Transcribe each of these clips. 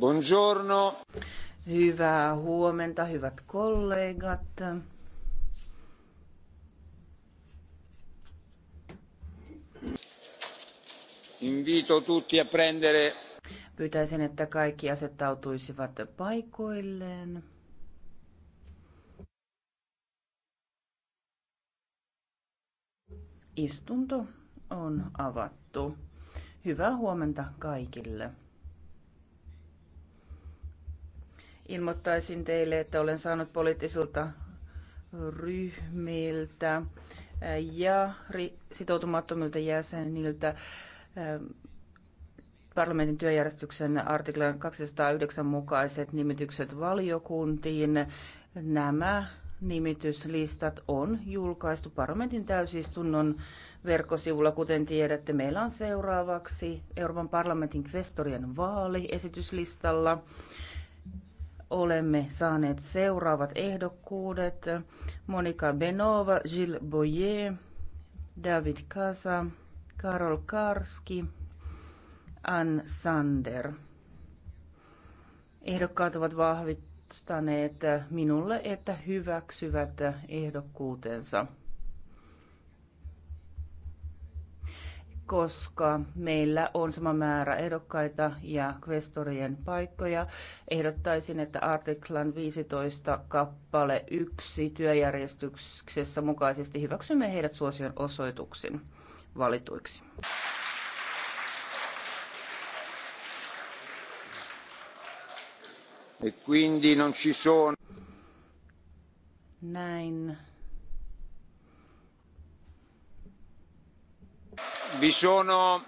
Buongiorno. Hyvää huomenta, hyvät kollegat. Invito tutti a prendere. Pyytäisin, että kaikki asettautuisivat paikoilleen. Istunto on avattu. Hyvää huomenta kaikille. Ilmoittaisin teille, että olen saanut poliittisilta ryhmiltä äh, ja sitoutumattomilta jäseniltä ähm, parlamentin työjärjestyksen artiklan 209 mukaiset nimitykset valiokuntiin. Nämä nimityslistat on julkaistu parlamentin täysistunnon verkkosivulla. Kuten tiedätte, meillä on seuraavaksi Euroopan parlamentin kvestorien vaali esityslistalla olemme saaneet seuraavat ehdokkuudet. Monika Benova, Gilles Boyer, David Kasa, Karol Karski, Ann Sander. Ehdokkaat ovat vahvistaneet minulle, että hyväksyvät ehdokkuutensa. koska meillä on sama määrä ehdokkaita ja kvestorien paikkoja. Ehdottaisin, että artiklan 15 kappale 1 työjärjestyksessä mukaisesti hyväksymme heidät suosion osoituksin valituiksi. E quindi non ci sono. Näin Vi sono...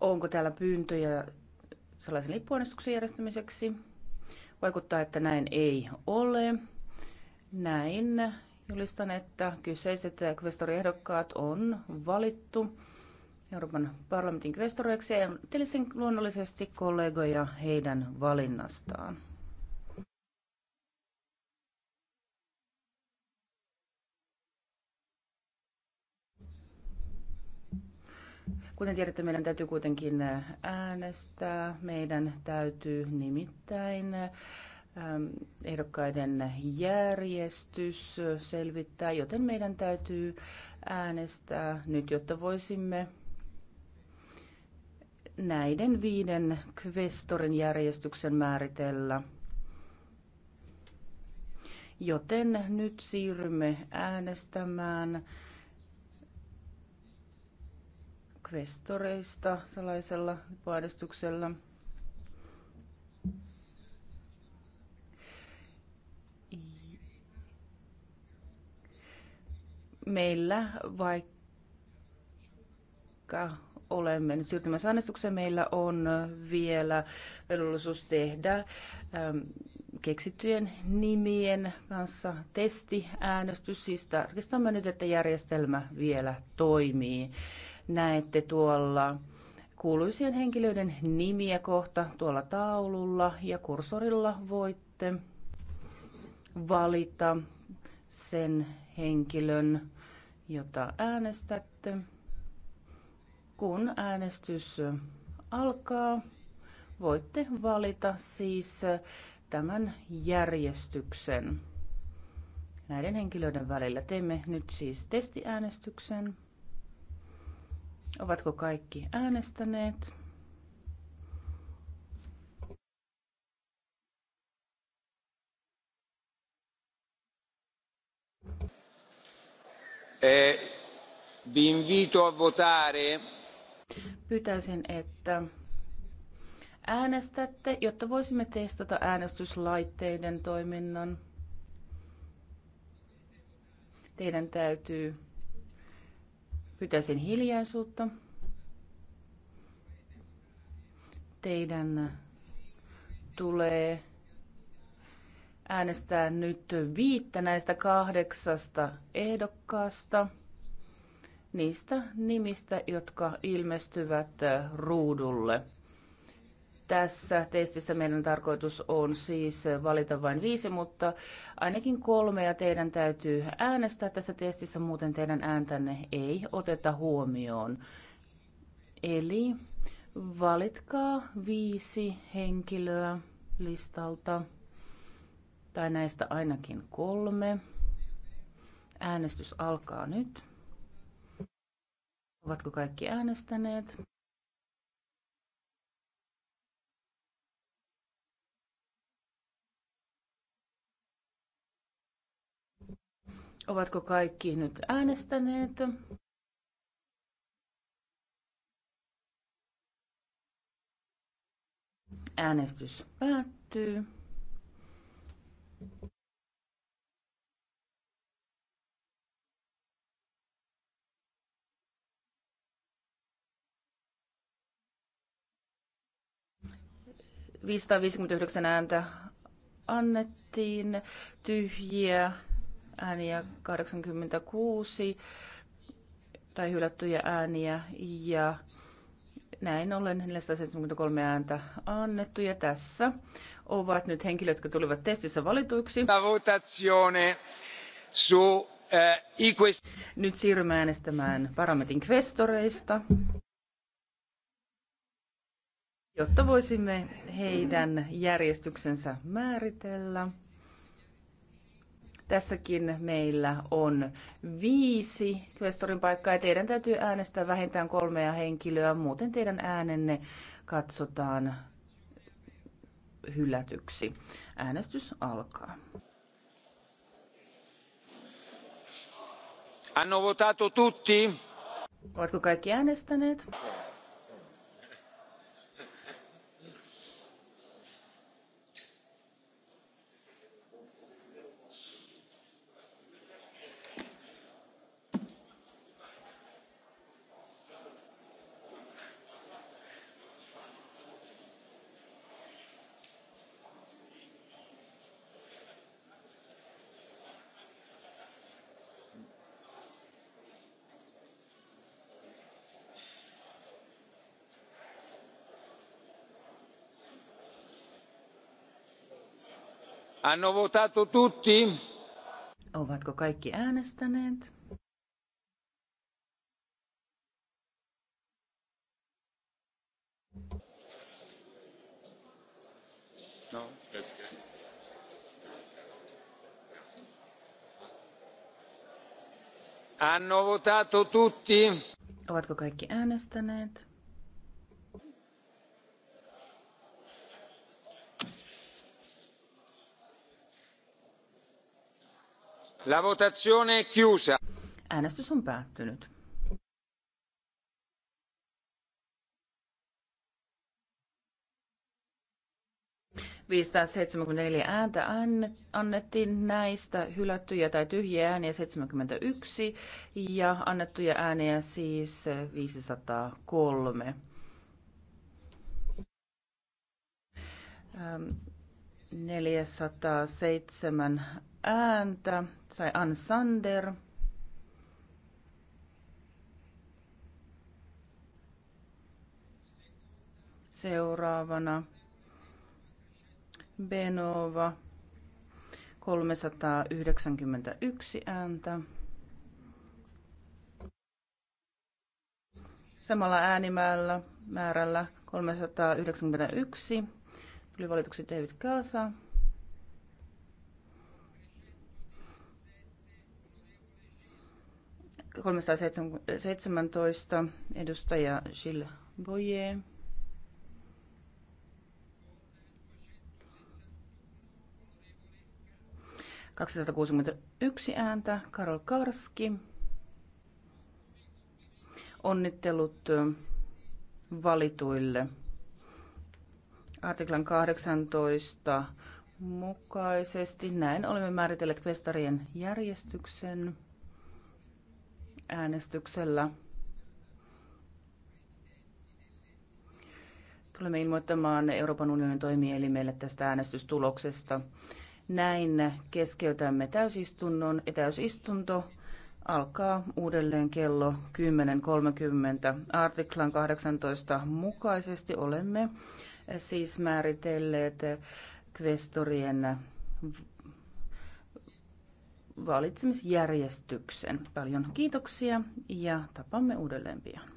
Onko täällä pyyntöjä sellaisen lippuäänestyksen järjestämiseksi? Vaikuttaa, että näin ei ole. Näin julistan, että kyseiset kvestoriehdokkaat on valittu Euroopan parlamentin kvestoreiksi ja luonnollisesti kollegoja heidän valinnastaan. Kuten tiedätte, meidän täytyy kuitenkin äänestää. Meidän täytyy nimittäin ehdokkaiden järjestys selvittää, joten meidän täytyy äänestää nyt, jotta voisimme näiden viiden kvestorin järjestyksen määritellä. Joten nyt siirrymme äänestämään. kvestoreista salaisella paadestuksella. Meillä, vaikka olemme nyt siirtymässä äänestykseen, meillä on vielä velvollisuus tehdä ähm, keksittyjen nimien kanssa testiäänestys. Siis tarkistamme nyt, että järjestelmä vielä toimii näette tuolla kuuluisien henkilöiden nimiä kohta tuolla taululla ja kursorilla voitte valita sen henkilön, jota äänestätte. Kun äänestys alkaa, voitte valita siis tämän järjestyksen näiden henkilöiden välillä. Teemme nyt siis testiäänestyksen. Ovatko kaikki äänestäneet? Eh, vi invito a votare. Pyytäisin, että äänestätte, jotta voisimme testata äänestyslaitteiden toiminnan. Teidän täytyy Pyytäisin hiljaisuutta. Teidän tulee äänestää nyt viittä näistä kahdeksasta ehdokkaasta, niistä nimistä, jotka ilmestyvät ruudulle. Tässä testissä meidän tarkoitus on siis valita vain viisi, mutta ainakin kolme ja teidän täytyy äänestää tässä testissä, muuten teidän ääntänne ei oteta huomioon. Eli valitkaa viisi henkilöä listalta, tai näistä ainakin kolme. Äänestys alkaa nyt. Ovatko kaikki äänestäneet? Ovatko kaikki nyt äänestäneet? Äänestys päättyy. Viisisataaviisikymmentäyhdeksän ääntä annettiin tyhjiä ääniä 86 tai hylättyjä ääniä ja näin ollen 473 ääntä annettu ja tässä ovat nyt henkilöt, jotka tulivat testissä valituiksi. Eh, nyt siirrymme äänestämään parametin kvestoreista, jotta voisimme heidän järjestyksensä määritellä. Tässäkin meillä on viisi kvestorin paikkaa ja teidän täytyy äänestää vähintään kolmea henkilöä, muuten teidän äänenne katsotaan hylätyksi. Äänestys alkaa. Hanno votato tutti? Ovatko kaikki äänestäneet? Hanno votato tutti? Ovatko kaikki äänestäneet? No. Hanno votato tutti? Ovatko kaikki äänestäneet? La Äänestys on päättynyt. viisisataaseitsemänkymmentäneljä ääntä annettiin näistä hylättyjä tai tyhjiä ääniä seitsemänkymmentäyksi ja annettuja ääniä siis 503. 407 ääntä sai Ann Sander. Seuraavana Benova 391 ääntä. Samalla äänimäärällä määrällä 391 Tuli valituksi David Kaasa. Kolmesta edustaja Gilles Boyer. yksi ääntä, Karol Karski. Onnittelut valituille artiklan 18 mukaisesti. Näin olemme määritelleet festarien järjestyksen äänestyksellä. Tulemme ilmoittamaan Euroopan unionin toimielimelle tästä äänestystuloksesta. Näin keskeytämme täysistunnon ja täysistunto alkaa uudelleen kello 10.30. Artiklan 18 mukaisesti olemme siis määritelleet kvestorien valitsemisjärjestyksen. Paljon kiitoksia ja tapamme uudelleen pian.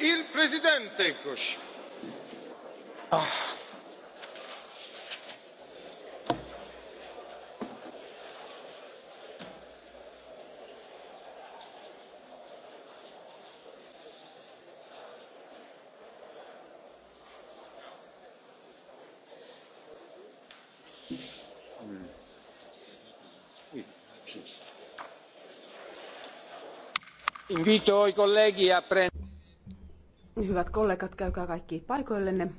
il presidente ah. invito i colleghi a prendere posto. Hyvät kollegat, käykää kaikki paikoillenne.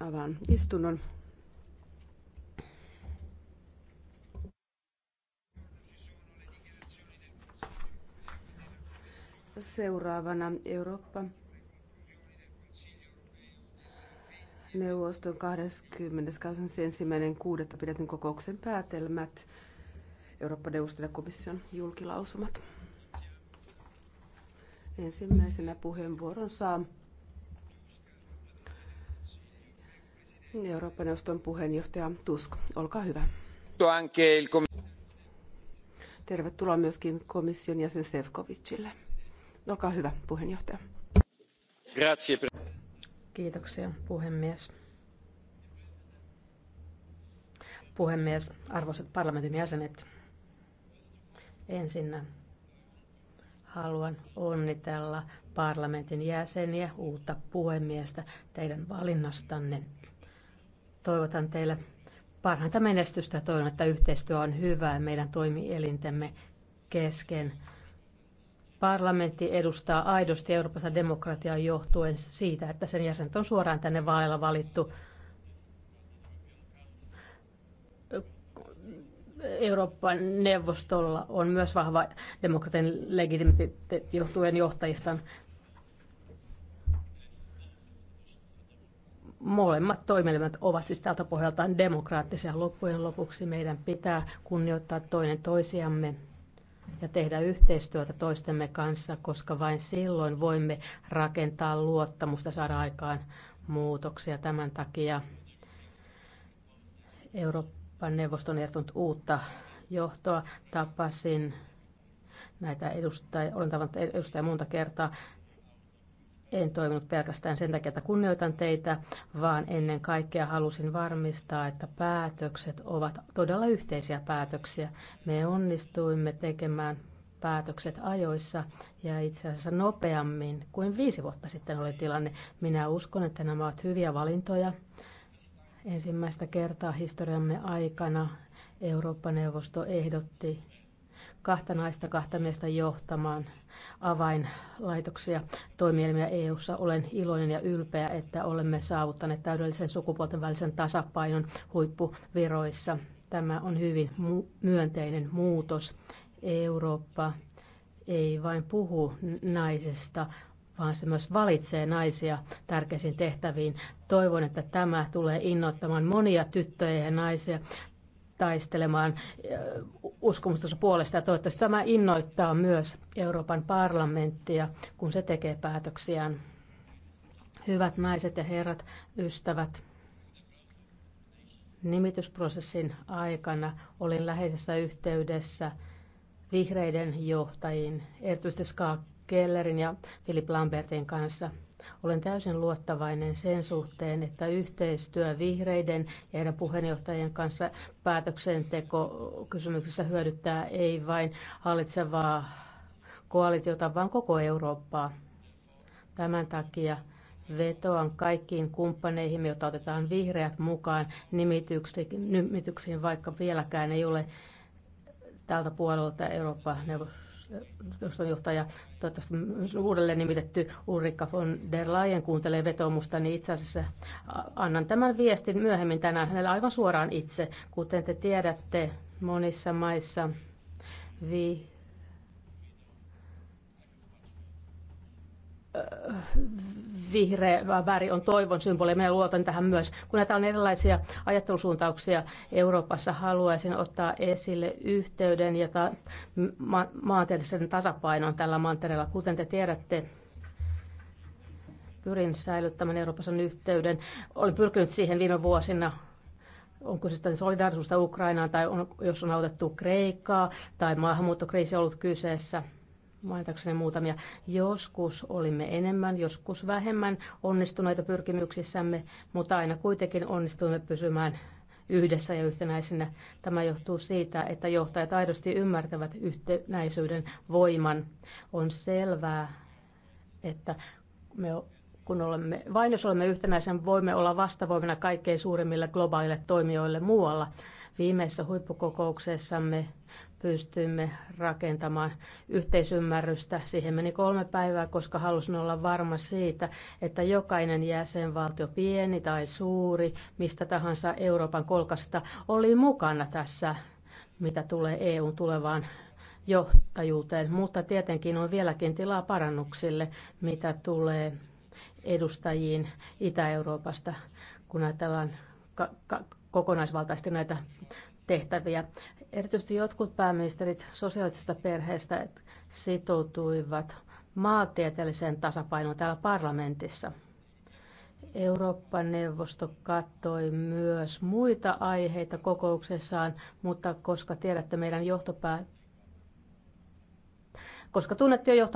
Avaan istunnon. Seuraavana Eurooppa Neuvoston 21.6. pidetyn kokouksen päätelmät, Eurooppa-neuvoston ja komission julkilausumat. Ensimmäisenä puheenvuoron saa Eurooppa-neuvoston puheenjohtaja Tusk. Olkaa hyvä. Tervetuloa myöskin komission jäsen Sefcovicille. Olkaa hyvä, puheenjohtaja. Grazie. Kiitoksia, puhemies. Puhemies, arvoisat parlamentin jäsenet, ensinnä haluan onnitella parlamentin jäseniä, uutta puhemiestä teidän valinnastanne. Toivotan teille parhainta menestystä ja toivon, että yhteistyö on hyvää meidän toimielintemme kesken. Parlamentti edustaa aidosti Euroopassa demokratiaa johtuen siitä, että sen jäsenet on suoraan tänne vaaleilla valittu. Euroopan neuvostolla on myös vahva demokratian legitimiteetti johtuen johtajistaan. molemmat toimielimet ovat siis tältä pohjaltaan demokraattisia. Loppujen lopuksi meidän pitää kunnioittaa toinen toisiamme ja tehdä yhteistyötä toistemme kanssa, koska vain silloin voimme rakentaa luottamusta, saada aikaan muutoksia. Tämän takia Euroopan neuvoston on ehdottanut uutta johtoa. Tapasin näitä edustajia, olen tavannut edustajia monta kertaa en toiminut pelkästään sen takia, että kunnioitan teitä, vaan ennen kaikkea halusin varmistaa, että päätökset ovat todella yhteisiä päätöksiä. Me onnistuimme tekemään päätökset ajoissa ja itse asiassa nopeammin kuin viisi vuotta sitten oli tilanne. Minä uskon, että nämä ovat hyviä valintoja. Ensimmäistä kertaa historiamme aikana Eurooppa-neuvosto ehdotti kahta naista, kahta miestä johtamaan avainlaitoksia toimielimiä EU:ssa. Olen iloinen ja ylpeä, että olemme saavuttaneet täydellisen sukupuolten välisen tasapainon huippuviroissa. Tämä on hyvin myönteinen muutos. Eurooppa ei vain puhu naisista, vaan se myös valitsee naisia tärkeisiin tehtäviin. Toivon, että tämä tulee innoittamaan monia tyttöjä ja naisia taistelemaan äh, uskomustensa puolesta. Ja toivottavasti tämä innoittaa myös Euroopan parlamenttia, kun se tekee päätöksiään. Hyvät naiset ja herrat, ystävät, nimitysprosessin aikana olin läheisessä yhteydessä vihreiden johtajiin, erityisesti Ska Kellerin ja Philip Lambertin kanssa – olen täysin luottavainen sen suhteen, että yhteistyö vihreiden ja heidän puheenjohtajien kanssa päätöksenteko kysymyksessä hyödyttää ei vain hallitsevaa koalitiota, vaan koko Eurooppaa. Tämän takia vetoan kaikkiin kumppaneihin, joita otetaan vihreät mukaan nimityksiin, vaikka vieläkään ei ole tältä puolelta Eurooppa-neuvostossa johtaja, toivottavasti uudelleen nimitetty Ulrika von der Leyen kuuntelee vetoomusta, niin itse asiassa annan tämän viestin myöhemmin tänään hänelle aivan suoraan itse. Kuten te tiedätte, monissa maissa vi vihreä väri on toivon symboli, minä luotan tähän myös. Kun näitä on erilaisia ajattelusuuntauksia Euroopassa, haluaisin ottaa esille yhteyden ja ta- ma- maantieteellisen tasapainon tällä mantereella. Kuten te tiedätte, pyrin säilyttämään Euroopassa yhteyden. Olen pyrkinyt siihen viime vuosina onko se sitten solidaarisuutta Ukrainaan tai on, jos on autettu Kreikkaa tai maahanmuuttokriisi ollut kyseessä – mainitakseni muutamia. Joskus olimme enemmän, joskus vähemmän onnistuneita pyrkimyksissämme, mutta aina kuitenkin onnistuimme pysymään yhdessä ja yhtenäisinä. Tämä johtuu siitä, että johtajat aidosti ymmärtävät yhtenäisyyden voiman. On selvää, että me kun olemme, vain jos olemme yhtenäisen, voimme olla vastavoimina kaikkein suurimmille globaaleille toimijoille muualla. Viimeisessä huippukokouksessamme pystyimme rakentamaan yhteisymmärrystä. Siihen meni kolme päivää, koska halusin olla varma siitä, että jokainen jäsenvaltio, pieni tai suuri, mistä tahansa Euroopan kolkasta, oli mukana tässä, mitä tulee EUn tulevaan johtajuuteen. Mutta tietenkin on vieläkin tilaa parannuksille, mitä tulee edustajiin Itä-Euroopasta, kun ajatellaan kokonaisvaltaisesti näitä tehtäviä. Erityisesti jotkut pääministerit sosiaalisesta perheestä sitoutuivat maantieteelliseen tasapainoon täällä parlamentissa. Eurooppa-neuvosto katsoi myös muita aiheita kokouksessaan, mutta koska tiedätte meidän johtopää... koska tunnette jo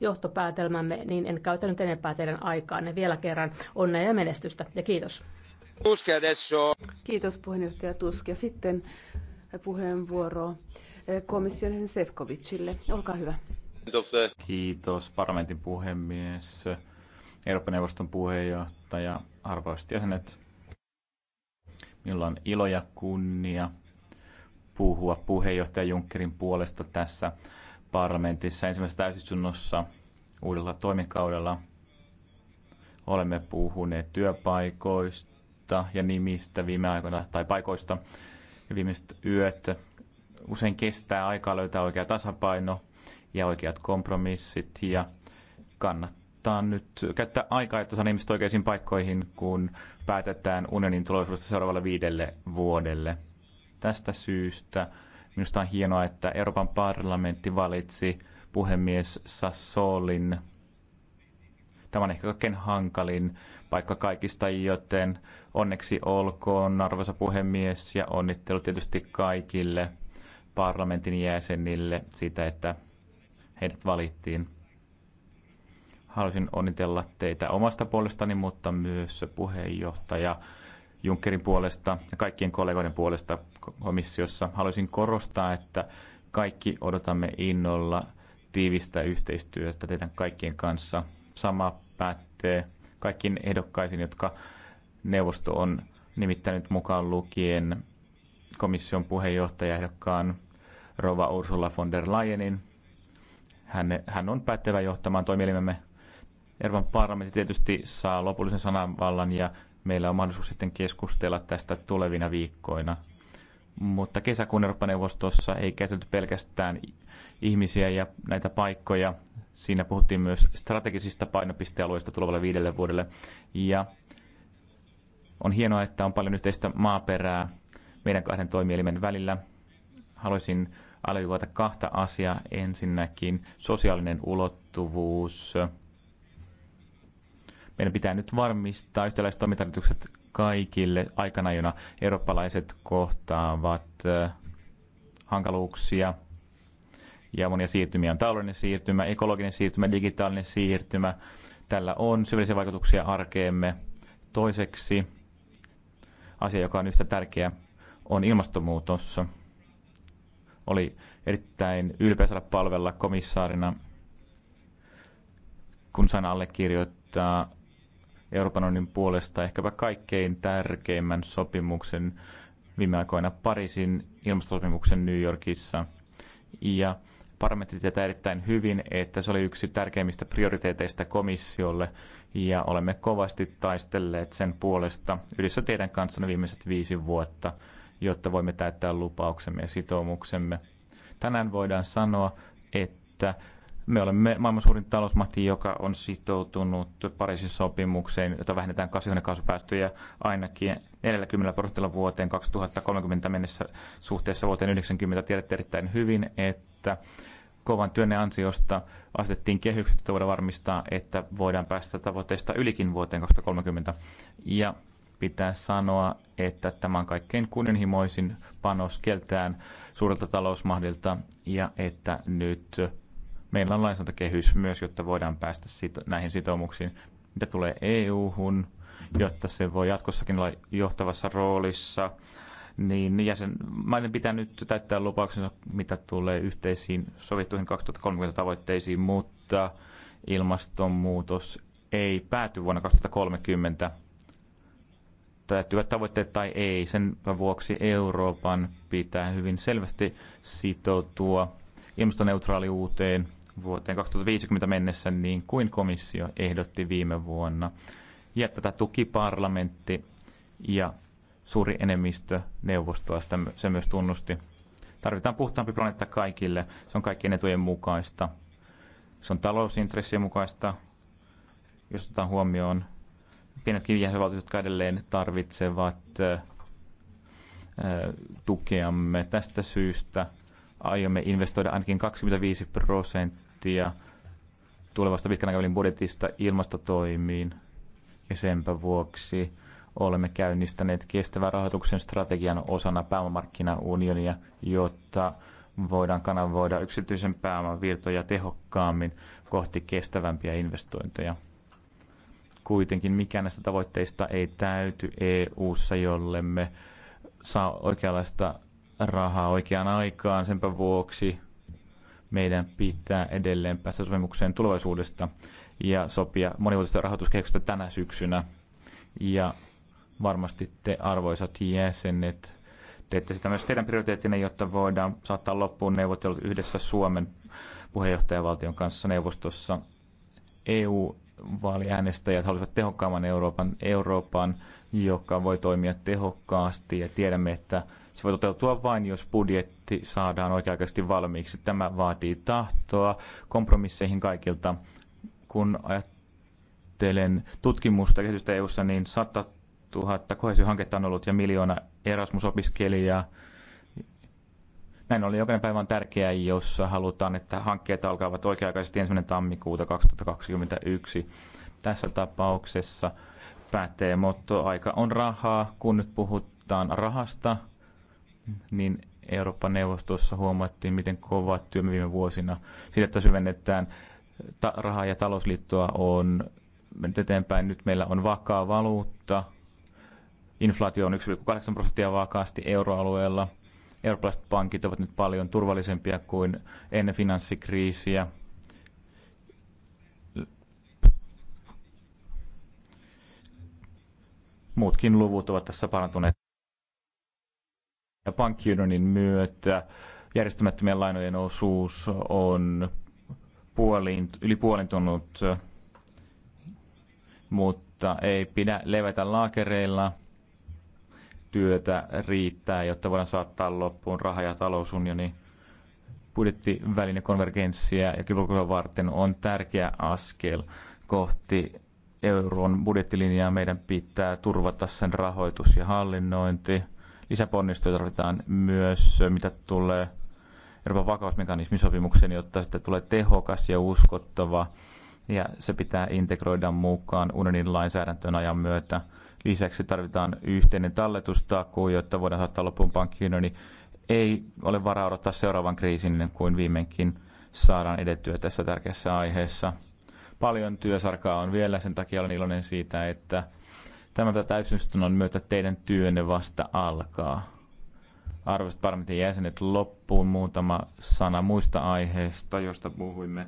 johtopäätelmämme, niin en käytä nyt enempää teidän aikaanne. Vielä kerran onnea ja menestystä ja kiitos. Kiitos puheenjohtaja Tuski. Ja sitten puheenvuoroa eh, komission Sefkovicille. Olkaa hyvä. Kiitos parlamentin puhemies, Euroopan neuvoston puheenjohtaja, arvoisat jäsenet. Minulla on ilo ja kunnia puhua puheenjohtaja Junckerin puolesta tässä parlamentissa ensimmäisessä täysistunnossa uudella toimikaudella. Olemme puhuneet työpaikoista ja nimistä viime aikoina, tai paikoista, ja viimeiset yöt. Usein kestää aikaa löytää oikea tasapaino ja oikeat kompromissit ja kannattaa nyt käyttää aikaa, että saa ihmiset oikeisiin paikkoihin, kun päätetään unionin tuloisuudesta seuraavalle viidelle vuodelle. Tästä syystä minusta on hienoa, että Euroopan parlamentti valitsi puhemies Sassolin. Tämä on ehkä kaikkein hankalin paikka kaikista, joten Onneksi olkoon, arvoisa puhemies, ja onnittelut tietysti kaikille parlamentin jäsenille siitä, että heidät valittiin. Haluaisin onnitella teitä omasta puolestani, mutta myös puheenjohtaja Junckerin puolesta ja kaikkien kollegoiden puolesta komissiossa. Haluaisin korostaa, että kaikki odotamme innolla tiivistä yhteistyötä teidän kaikkien kanssa. Sama pätee kaikkiin ehdokkaisiin, jotka Neuvosto on nimittänyt mukaan lukien komission puheenjohtajaehdokkaan Rova Ursula von der Leyenin. Hän, hän on päättävä johtamaan toimielimemme. Euroopan parlamentti tietysti saa lopullisen sananvallan ja meillä on mahdollisuus sitten keskustella tästä tulevina viikkoina. Mutta kesäkuun Eurooppa-neuvostossa ei käsitelty pelkästään ihmisiä ja näitä paikkoja. Siinä puhuttiin myös strategisista painopistealueista tulevalle viidelle vuodelle. Ja on hienoa, että on paljon yhteistä maaperää meidän kahden toimielimen välillä. Haluaisin alleviivata kahta asiaa. Ensinnäkin sosiaalinen ulottuvuus. Meidän pitää nyt varmistaa yhtäläiset toimintaedellytykset kaikille aikana, jona eurooppalaiset kohtaavat eh, hankaluuksia ja monia siirtymiä on taloudellinen siirtymä, ekologinen siirtymä, digitaalinen siirtymä. Tällä on syvällisiä vaikutuksia arkeemme. Toiseksi asia, joka on yhtä tärkeä, on ilmastonmuutos. Oli erittäin ylpeä palvella komissaarina, kun sain allekirjoittaa Euroopan unionin puolesta ehkäpä kaikkein tärkeimmän sopimuksen viime aikoina Pariisin ilmastosopimuksen New Yorkissa. Ja parametti tätä erittäin hyvin, että se oli yksi tärkeimmistä prioriteeteista komissiolle ja olemme kovasti taistelleet sen puolesta yhdessä teidän kanssanne viimeiset viisi vuotta, jotta voimme täyttää lupauksemme ja sitoumuksemme. Tänään voidaan sanoa, että me olemme maailman suurin talousmahti, joka on sitoutunut Pariisin sopimukseen, jota vähennetään kasvihuonekaasupäästöjä ainakin 40 prosentilla vuoteen 2030 mennessä suhteessa vuoteen 90. Tiedätte erittäin hyvin, että kovan työnne ansiosta asetettiin kehykset, jotta voidaan varmistaa, että voidaan päästä tavoitteesta ylikin vuoteen 2030. Ja pitää sanoa, että tämä on kaikkein kunnianhimoisin panos keltään suurelta talousmahdilta ja että nyt meillä on lainsäädäntökehys myös, jotta voidaan päästä sito- näihin sitoumuksiin, mitä tulee EU-hun, jotta se voi jatkossakin olla johtavassa roolissa niin, niin maiden pitää nyt täyttää lupauksensa, mitä tulee yhteisiin sovittuihin 2030 tavoitteisiin, mutta ilmastonmuutos ei pääty vuonna 2030 täyttyvät tavoitteet tai ei. Sen vuoksi Euroopan pitää hyvin selvästi sitoutua ilmastoneutraaliuuteen vuoteen 2050 mennessä, niin kuin komissio ehdotti viime vuonna. Ja tätä tuki parlamentti ja suuri enemmistö neuvostoa sitä, se myös tunnusti. Tarvitaan puhtaampi planeetta kaikille. Se on kaikkien etujen mukaista. Se on talousintressien mukaista, jos otetaan huomioon pienetkin jäsenvaltiot, jotka edelleen tarvitsevat tukeamme. Tästä syystä aiomme investoida ainakin 25 prosenttia tulevasta pitkän aikavälin budjetista ilmastotoimiin. Ja senpä vuoksi olemme käynnistäneet kestävän rahoituksen strategian osana pääomamarkkinaunionia, jotta voidaan kanavoida yksityisen pääoman virtoja tehokkaammin kohti kestävämpiä investointeja. Kuitenkin mikään näistä tavoitteista ei täyty EU-ssa, jollemme saa oikeanlaista rahaa oikeaan aikaan. Senpä vuoksi meidän pitää edelleen päästä sopimukseen tulevaisuudesta ja sopia monivuotisesta rahoituskehyksestä tänä syksynä. Ja varmasti te arvoisat jäsenet teette sitä myös teidän prioriteettina, jotta voidaan saattaa loppuun neuvottelut yhdessä Suomen puheenjohtajavaltion kanssa neuvostossa. EU-vaaliäänestäjät haluavat tehokkaamman Euroopan, Euroopan, joka voi toimia tehokkaasti ja tiedämme, että se voi toteutua vain, jos budjetti saadaan oikea-aikaisesti valmiiksi. Tämä vaatii tahtoa kompromisseihin kaikilta. Kun ajattelen tutkimusta ja kehitystä EU-ssa, niin 100 tuhatta kohesiohanketta on ollut ja miljoona Erasmus-opiskelijaa. Näin oli jokainen päivä on tärkeää, jos halutaan, että hankkeet alkavat oikea-aikaisesti 1. tammikuuta 2021. Tässä tapauksessa pätee motto, aika on rahaa. Kun nyt puhutaan rahasta, niin Euroopan neuvostossa huomattiin, miten kova työ viime vuosina. Siitä, että syvennetään ta- rahaa- ja talousliittoa on mennyt eteenpäin. Nyt meillä on vakaa valuutta, Inflaatio on 1,8 prosenttia vakaasti euroalueella. Eurooppalaiset pankit ovat nyt paljon turvallisempia kuin ennen finanssikriisiä. Muutkin luvut ovat tässä parantuneet. Ja pankkiunionin myötä järjestämättömien lainojen osuus on puolin, yli puolintunut, mutta ei pidä levätä laakereilla – työtä riittää, jotta voidaan saattaa loppuun raha- ja talousunioni. Budjettiväline konvergenssia ja kilpailukykyä varten on tärkeä askel kohti euron budjettilinjaa. Meidän pitää turvata sen rahoitus ja hallinnointi. Lisäponnistoja tarvitaan myös, mitä tulee Euroopan vakausmekanismisopimukseen, jotta sitä tulee tehokas ja uskottava ja se pitää integroida mukaan unionin lainsäädäntöön ajan myötä – Lisäksi tarvitaan yhteinen talletustakuu, jotta voidaan saattaa loppuun pankkiin, Niin ei ole varaa odottaa seuraavan kriisin niin kuin viimeinkin saadaan edettyä tässä tärkeässä aiheessa. Paljon työsarkaa on vielä, sen takia olen iloinen siitä, että tämä täysistunnon myötä teidän työnne vasta alkaa. Arvoisat parlamentin jäsenet, loppuun muutama sana muista aiheista, joista puhuimme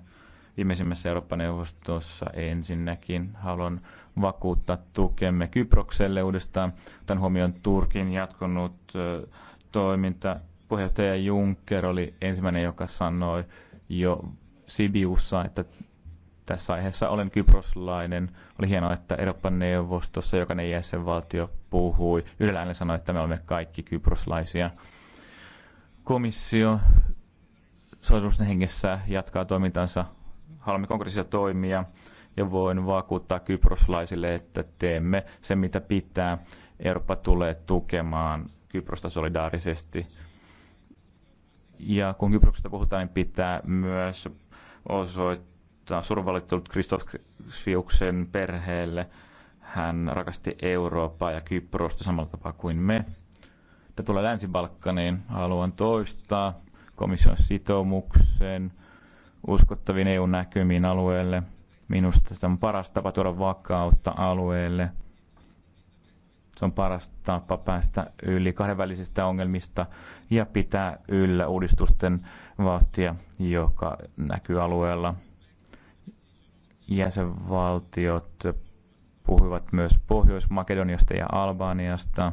viimeisimmässä Eurooppa-neuvostossa ensinnäkin. Haluan vakuuttaa tukemme Kyprokselle uudestaan, otan huomioon Turkin jatkunut toiminta. Puheenjohtaja Juncker oli ensimmäinen, joka sanoi jo Sibiussa, että tässä aiheessa olen kyproslainen. Oli hienoa, että Euroopan neuvostossa jokainen jäsenvaltio puhui. Yhdellä äänellä sanoi, että me olemme kaikki kyproslaisia. Komissio sopimusten hengessä jatkaa toimintansa. Haluamme konkreettisia toimia ja voin vakuuttaa kyproslaisille, että teemme se mitä pitää. Eurooppa tulee tukemaan Kyprosta solidaarisesti. Ja kun Kyproksesta puhutaan, niin pitää myös osoittaa survalittelut Kristofiuksen perheelle. Hän rakasti Eurooppaa ja Kyprosta samalla tapaa kuin me. Tämä tulee Länsi-Balkaniin. Haluan toistaa komission sitoumuksen uskottaviin EU-näkymiin alueelle – Minusta se on paras tapa tuoda vakautta alueelle. Se on paras tapa päästä yli kahdenvälisistä ongelmista ja pitää yllä uudistusten vauhtia, joka näkyy alueella. Jäsenvaltiot puhuivat myös Pohjois-Makedoniasta ja Albaniasta.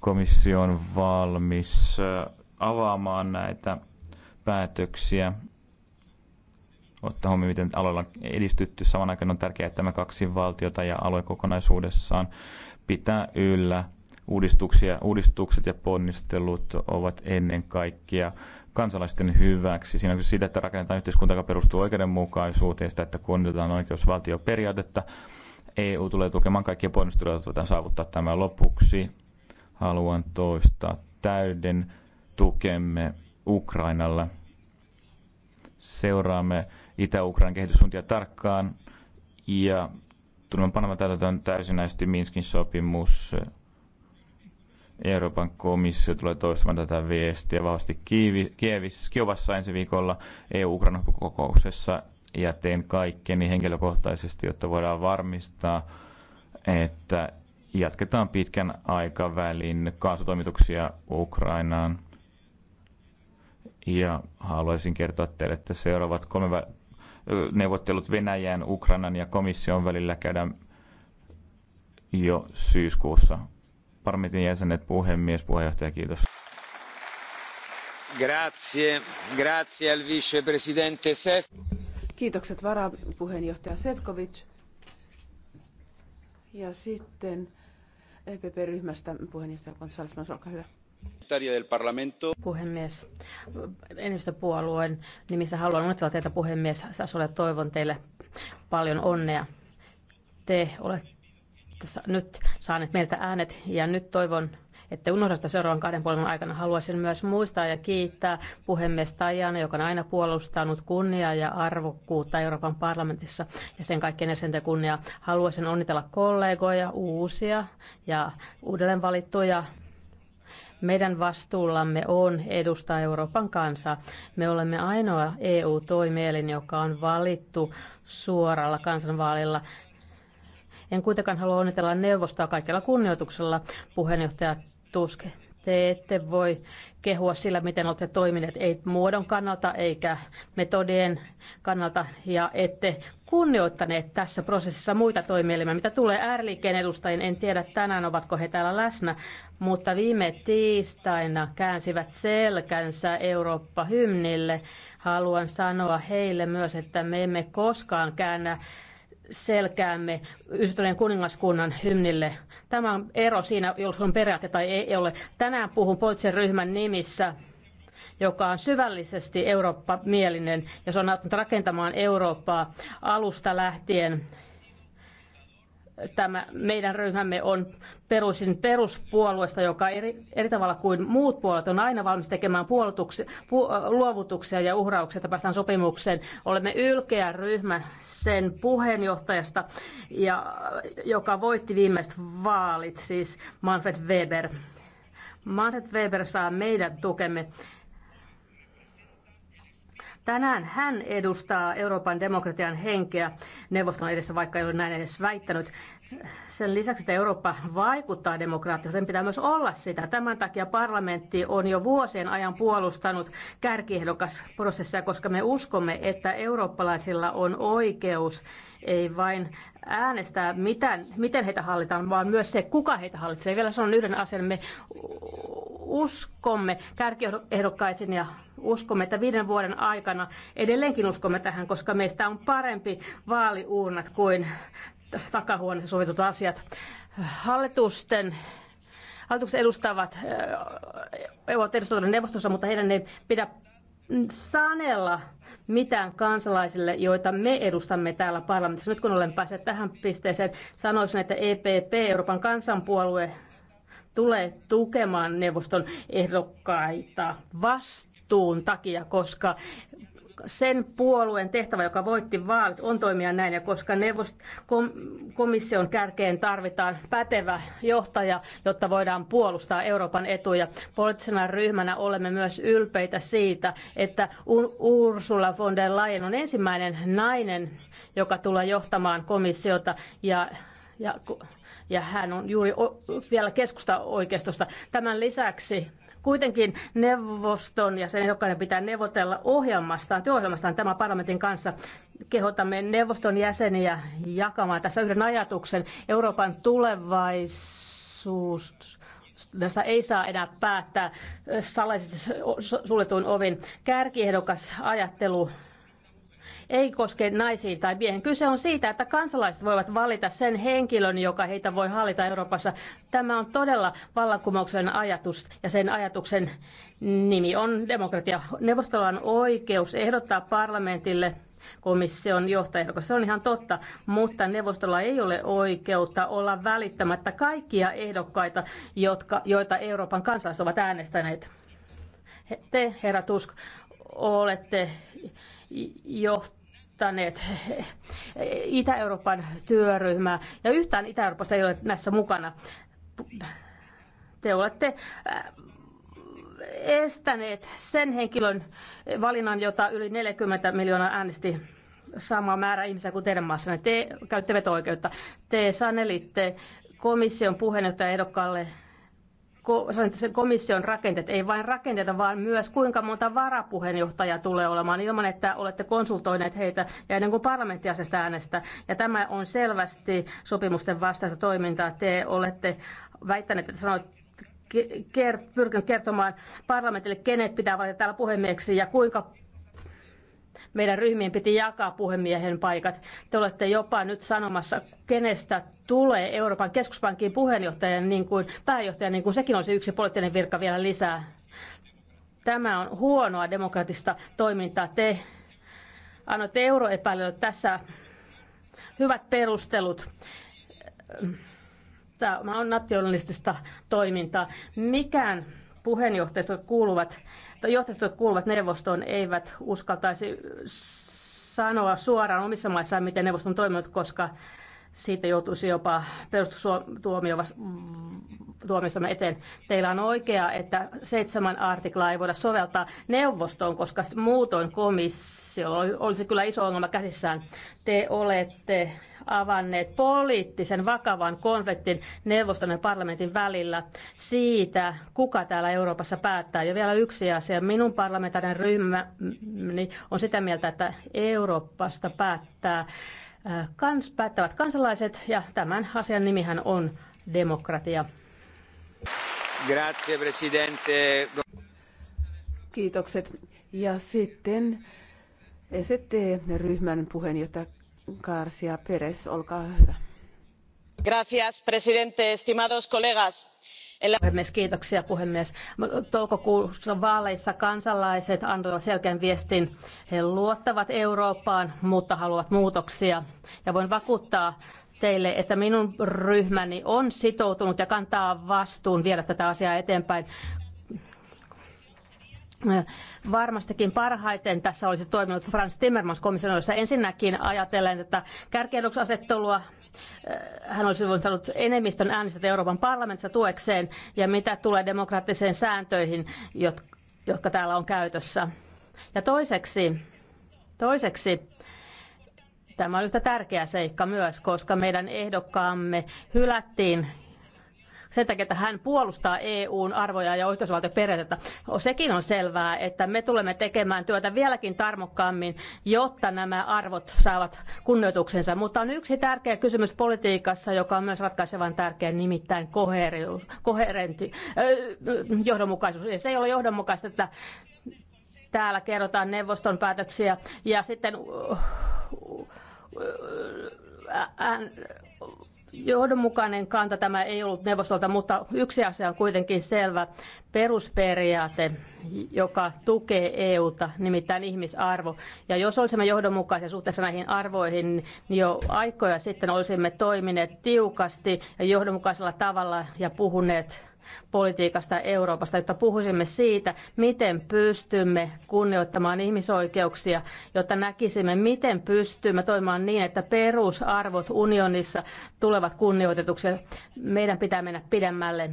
Komissio on valmis avaamaan näitä päätöksiä ottaa huomioon, miten aloilla edistytty. Saman aikaan on tärkeää, että tämä kaksi valtiota ja alue kokonaisuudessaan pitää yllä uudistuksia. Uudistukset ja ponnistelut ovat ennen kaikkea kansalaisten hyväksi. Siinä on siitä, että rakennetaan yhteiskunta, joka perustuu oikeudenmukaisuuteen, sitä, että kunnioitetaan oikeusvaltioperiaatetta. EU tulee tukemaan kaikkia ponnisteluja, jotta voidaan saavuttaa tämä lopuksi. Haluan toistaa täyden tukemme Ukrainalle. Seuraamme Itä-Ukrainan kehityssuuntia tarkkaan ja tulemme panemaan täytäntöön täysinäisesti Minskin sopimus. Euroopan komissio tulee toistamaan tätä viestiä vahvasti Kievis, Kiovassa ensi viikolla EU-Ukrainan kokouksessa ja teen kaikkeni henkilökohtaisesti, jotta voidaan varmistaa, että jatketaan pitkän aikavälin kaasutoimituksia Ukrainaan. Ja haluaisin kertoa teille, että seuraavat kolme neuvottelut Venäjän, Ukrainan ja komission välillä käydään jo syyskuussa. Parmitin jäsenet, puhemies, puheenjohtaja, kiitos. Grazie, grazie al vicepresidente Sef. Kiitokset varapuheenjohtaja Sefkovic. Ja sitten EPP-ryhmästä puheenjohtaja González, olkaa hyvä. Puhemies, enemmistöpuolueen nimissä haluan onnitella teitä puhemies. Sasolle toivon teille paljon onnea. Te olette nyt saaneet meiltä äänet ja nyt toivon, että unohda sitä seuraavan kahden puolen aikana. Haluaisin myös muistaa ja kiittää puhemies Tajana, joka on aina puolustanut kunniaa ja arvokkuutta Euroopan parlamentissa ja sen kaikkien jäsenten kunniaa. Haluaisin onnitella kollegoja, uusia ja uudelleen valittuja meidän vastuullamme on edustaa Euroopan kansaa. Me olemme ainoa EU-toimielin, joka on valittu suoralla kansanvaalilla. En kuitenkaan halua onnitella neuvostoa kaikella kunnioituksella, puheenjohtaja Tusk. Te ette voi kehua sillä, miten olette toimineet, ei muodon kannalta eikä metodien kannalta, ja ette kunnioittaneet tässä prosessissa muita toimielimiä. Mitä tulee ääriliikkeen edustajien, en tiedä tänään ovatko he täällä läsnä, mutta viime tiistaina käänsivät selkänsä Eurooppa-hymnille. Haluan sanoa heille myös, että me emme koskaan käännä selkäämme Yhdistyneen kuningaskunnan hymnille. Tämä on ero siinä, jos on periaate tai ei ole. Tänään puhun poliittisen ryhmän nimissä joka on syvällisesti Eurooppa-mielinen ja se on auttanut rakentamaan Eurooppaa alusta lähtien. Tämä meidän ryhmämme on perusin peruspuolueesta, joka eri, eri tavalla kuin muut puolet on aina valmis tekemään pu, luovutuksia ja uhrauksia, että päästään sopimukseen. Olemme ylkeä ryhmä sen puheenjohtajasta, ja, joka voitti viimeiset vaalit, siis Manfred Weber. Manfred Weber saa meidän tukemme Tänään hän edustaa Euroopan demokratian henkeä neuvoston edessä, vaikka ei ole näin edes väittänyt. Sen lisäksi, että Eurooppa vaikuttaa demokraattia, sen pitää myös olla sitä. Tämän takia parlamentti on jo vuosien ajan puolustanut kärkiehdokasprosessia, koska me uskomme, että eurooppalaisilla on oikeus ei vain äänestää, miten miten heitä hallitaan, vaan myös se, kuka heitä hallitsee. Vielä sanon yhden asian, me uskomme kärkiehdokkaisiin ja uskomme, että viiden vuoden aikana edelleenkin uskomme tähän, koska meistä on parempi vaaliuunat kuin takahuoneessa sovitut asiat. Hallitusten Hallituksen edustavat ovat edustavat neuvostossa, mutta heidän ei pidä sanella mitään kansalaisille, joita me edustamme täällä parlamentissa. Nyt kun olen päässyt tähän pisteeseen, sanoisin, että EPP, Euroopan kansanpuolue, tulee tukemaan neuvoston ehdokkaita vastuun takia, koska sen puolueen tehtävä, joka voitti vaalit, on toimia näin. Ja koska neuvost, kom, komission kärkeen tarvitaan pätevä johtaja, jotta voidaan puolustaa Euroopan etuja. Poliittisena ryhmänä olemme myös ylpeitä siitä, että Ursula von der Leyen on ensimmäinen nainen, joka tulee johtamaan komissiota. Ja ja, ja hän on juuri vielä keskusta oikeistosta. Tämän lisäksi Kuitenkin neuvoston ja sen jokainen pitää neuvotella ohjelmastaan, työohjelmastaan tämän parlamentin kanssa. Kehotamme neuvoston jäseniä jakamaan tässä yhden ajatuksen. Euroopan tulevaisuus tästä ei saa enää päättää äh, salaisesti suljetuin ovin. Kärkiehdokas ajattelu ei koske naisiin tai miehen. Kyse on siitä, että kansalaiset voivat valita sen henkilön, joka heitä voi hallita Euroopassa. Tämä on todella vallankumouksen ajatus ja sen ajatuksen nimi on demokratia. Neuvostolla on oikeus ehdottaa parlamentille komission johtajia. Se on ihan totta, mutta neuvostolla ei ole oikeutta olla välittämättä kaikkia ehdokkaita, jotka, joita Euroopan kansalaiset ovat äänestäneet. Te, herra Tusk, olette johtaneet Itä-Euroopan työryhmää, ja yhtään Itä-Euroopasta ei ole näissä mukana. Te olette äh, estäneet sen henkilön valinnan, jota yli 40 miljoonaa äänesti sama määrä ihmisiä kuin teidän maassa. Te käytte veto-oikeutta. Te sanelitte komission puheenjohtajan ehdokkaalle komission rakenteet, ei vain rakenteita, vaan myös kuinka monta varapuheenjohtajaa tulee olemaan ilman, että olette konsultoineet heitä ja ennen kuin parlamenttiasiasta äänestää. Ja tämä on selvästi sopimusten vastaista toimintaa. Te olette väittäneet, että sanoit, kert, pyrkinyt kertomaan parlamentille, kenet pitää valita täällä puhemieheksi ja kuinka meidän ryhmien piti jakaa puhemiehen paikat. Te olette jopa nyt sanomassa, kenestä tulee Euroopan keskuspankin puheenjohtajan, niin kuin pääjohtaja, niin kuin sekin olisi yksi poliittinen virka vielä lisää. Tämä on huonoa demokratista toimintaa. Te annoitte euroepäilijöille tässä hyvät perustelut. Tämä on nationalistista toimintaa. Mikään puheenjohtajista kuuluvat johtajat, kuuluvat neuvostoon, eivät uskaltaisi sanoa suoraan omissa maissaan, miten neuvosto on toiminut, koska siitä joutuisi jopa perustustuomioistuimen eteen. Teillä on oikea, että seitsemän artiklaa ei voida soveltaa neuvostoon, koska muutoin komissio olisi kyllä iso ongelma käsissään. Te olette avanneet poliittisen vakavan konfliktin neuvoston ja parlamentin välillä siitä, kuka täällä Euroopassa päättää. Ja vielä yksi asia. Minun parlamentaarinen ryhmäni on sitä mieltä, että Euroopasta päättää äh, kans, päättävät kansalaiset ja tämän asian nimihän on demokratia. Grazie, presidente. Kiitokset. Ja sitten ST-ryhmän puheenjohtaja Garcia Perez, olkaa hyvä. Gracias, presidente, estimados colegas. Puhemies, kiitoksia puhemies. Toukokuussa vaaleissa kansalaiset antoivat selkeän viestin. He luottavat Eurooppaan, mutta haluavat muutoksia. Ja voin vakuuttaa teille, että minun ryhmäni on sitoutunut ja kantaa vastuun viedä tätä asiaa eteenpäin. Varmastikin parhaiten tässä olisi toiminut Franz Timmermans komissioissa ensinnäkin ajatellen että kärkiedoksasettelua. Äh, hän olisi voinut saanut enemmistön äänestä Euroopan parlamentissa tuekseen ja mitä tulee demokraattiseen sääntöihin, jotka täällä on käytössä. Ja toiseksi, toiseksi tämä on yhtä tärkeä seikka myös, koska meidän ehdokkaamme hylättiin sen takia, että hän puolustaa EUn arvoja ja oikeusvaltioperiaatetta. Sekin on selvää, että me tulemme tekemään työtä vieläkin tarmokkaammin, jotta nämä arvot saavat kunnioituksensa. Mutta on yksi tärkeä kysymys politiikassa, joka on myös ratkaisevan tärkeä, nimittäin koherius, koherentti, johdonmukaisuus. Ja se ei ole johdonmukaista, että täällä kerrotaan neuvoston päätöksiä ja sitten johdonmukainen kanta tämä ei ollut neuvostolta, mutta yksi asia on kuitenkin selvä perusperiaate, joka tukee EUta, nimittäin ihmisarvo. Ja jos olisimme johdonmukaisia suhteessa näihin arvoihin, niin jo aikoja sitten olisimme toimineet tiukasti ja johdonmukaisella tavalla ja puhuneet politiikasta Euroopasta, jotta puhuisimme siitä, miten pystymme kunnioittamaan ihmisoikeuksia, jotta näkisimme, miten pystymme toimimaan niin, että perusarvot unionissa tulevat kunnioitetuksi. Meidän pitää mennä pidemmälle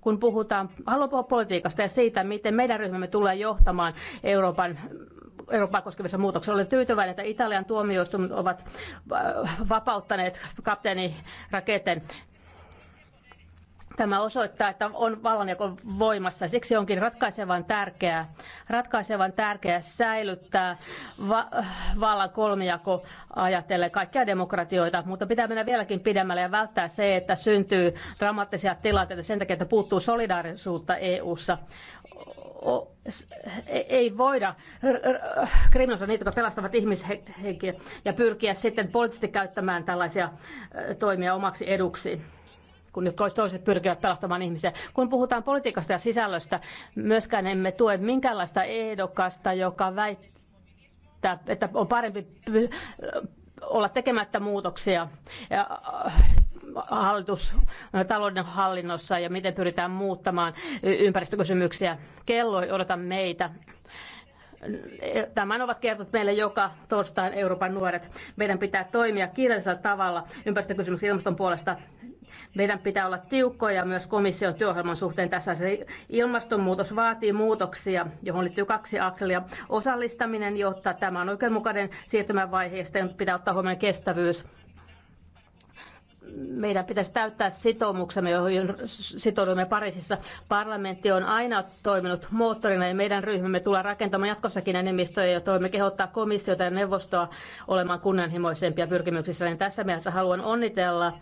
kun puhutaan, haluan puhua politiikasta ja siitä, miten meidän ryhmämme tulee johtamaan Euroopan Eurooppaa koskevissa muutoksissa. Olen tyytyväinen, että Italian tuomioistuimet ovat äh, vapauttaneet kapteeni Raketen. Tämä osoittaa, että on vallanjako voimassa. Siksi onkin ratkaisevan tärkeää, ratkaisevan tärkeää säilyttää va- vallan kolmijako ajatellen kaikkia demokratioita, mutta pitää mennä vieläkin pidemmälle ja välttää se, että syntyy dramaattisia tilanteita sen takia, että puuttuu solidaarisuutta EU:ssa. E, ei voida kriminalisoida niitä, jotka pelastavat ihmishenkiä ja pyrkiä sitten poliittisesti käyttämään tällaisia toimia omaksi eduksi kun nyt toiset pyrkivät pelastamaan ihmisiä. Kun puhutaan politiikasta ja sisällöstä, myöskään emme tue minkäänlaista ehdokasta, joka väittää, että on parempi olla tekemättä muutoksia ja äh, hallitus, äh, talouden hallinnossa ja miten pyritään muuttamaan ympäristökysymyksiä. Kello ei odota meitä. Tämän ovat kertonut meille joka torstain Euroopan nuoret. Meidän pitää toimia kiireellisellä tavalla ympäristökysymyksen ilmaston puolesta. Meidän pitää olla tiukkoja myös komission työohjelman suhteen tässä. Se ilmastonmuutos vaatii muutoksia, johon liittyy kaksi akselia. Osallistaminen, jotta tämä on oikeudenmukainen siirtymävaihe, ja sitten pitää ottaa huomioon kestävyys meidän pitäisi täyttää sitoumuksemme, joihin sitoudumme Pariisissa. Parlamentti on aina toiminut moottorina ja meidän ryhmämme tulee rakentamaan jatkossakin enemmistöjä ja voimme kehottaa komissiota ja neuvostoa olemaan kunnianhimoisempia pyrkimyksissä. Niin tässä mielessä haluan onnitella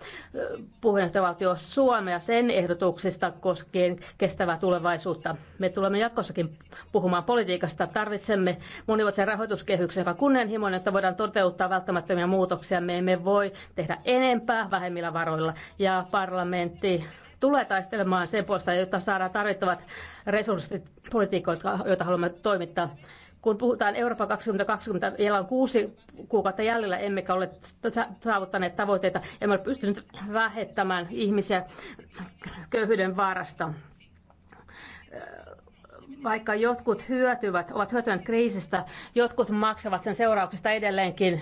puheenjohtajavaltio Suomea sen ehdotuksista koskien kestävää tulevaisuutta. Me tulemme jatkossakin puhumaan politiikasta. Tarvitsemme monivuotisen rahoituskehyksen, joka on kunnianhimoinen, että voidaan toteuttaa välttämättömiä muutoksia. Me emme voi tehdä enempää, vähemmän omilla varoilla. Ja parlamentti tulee taistelemaan sen puolesta, jotta saadaan tarvittavat resurssit politiikoilta, joita haluamme toimittaa kun puhutaan Eurooppa 2020, vielä on kuusi kuukautta jäljellä, emmekä ole saavuttaneet tavoitteita, emme ole pystyneet vähettämään ihmisiä köyhyyden vaarasta. Vaikka jotkut hyötyvät, ovat hyötyneet kriisistä, jotkut maksavat sen seurauksista edelleenkin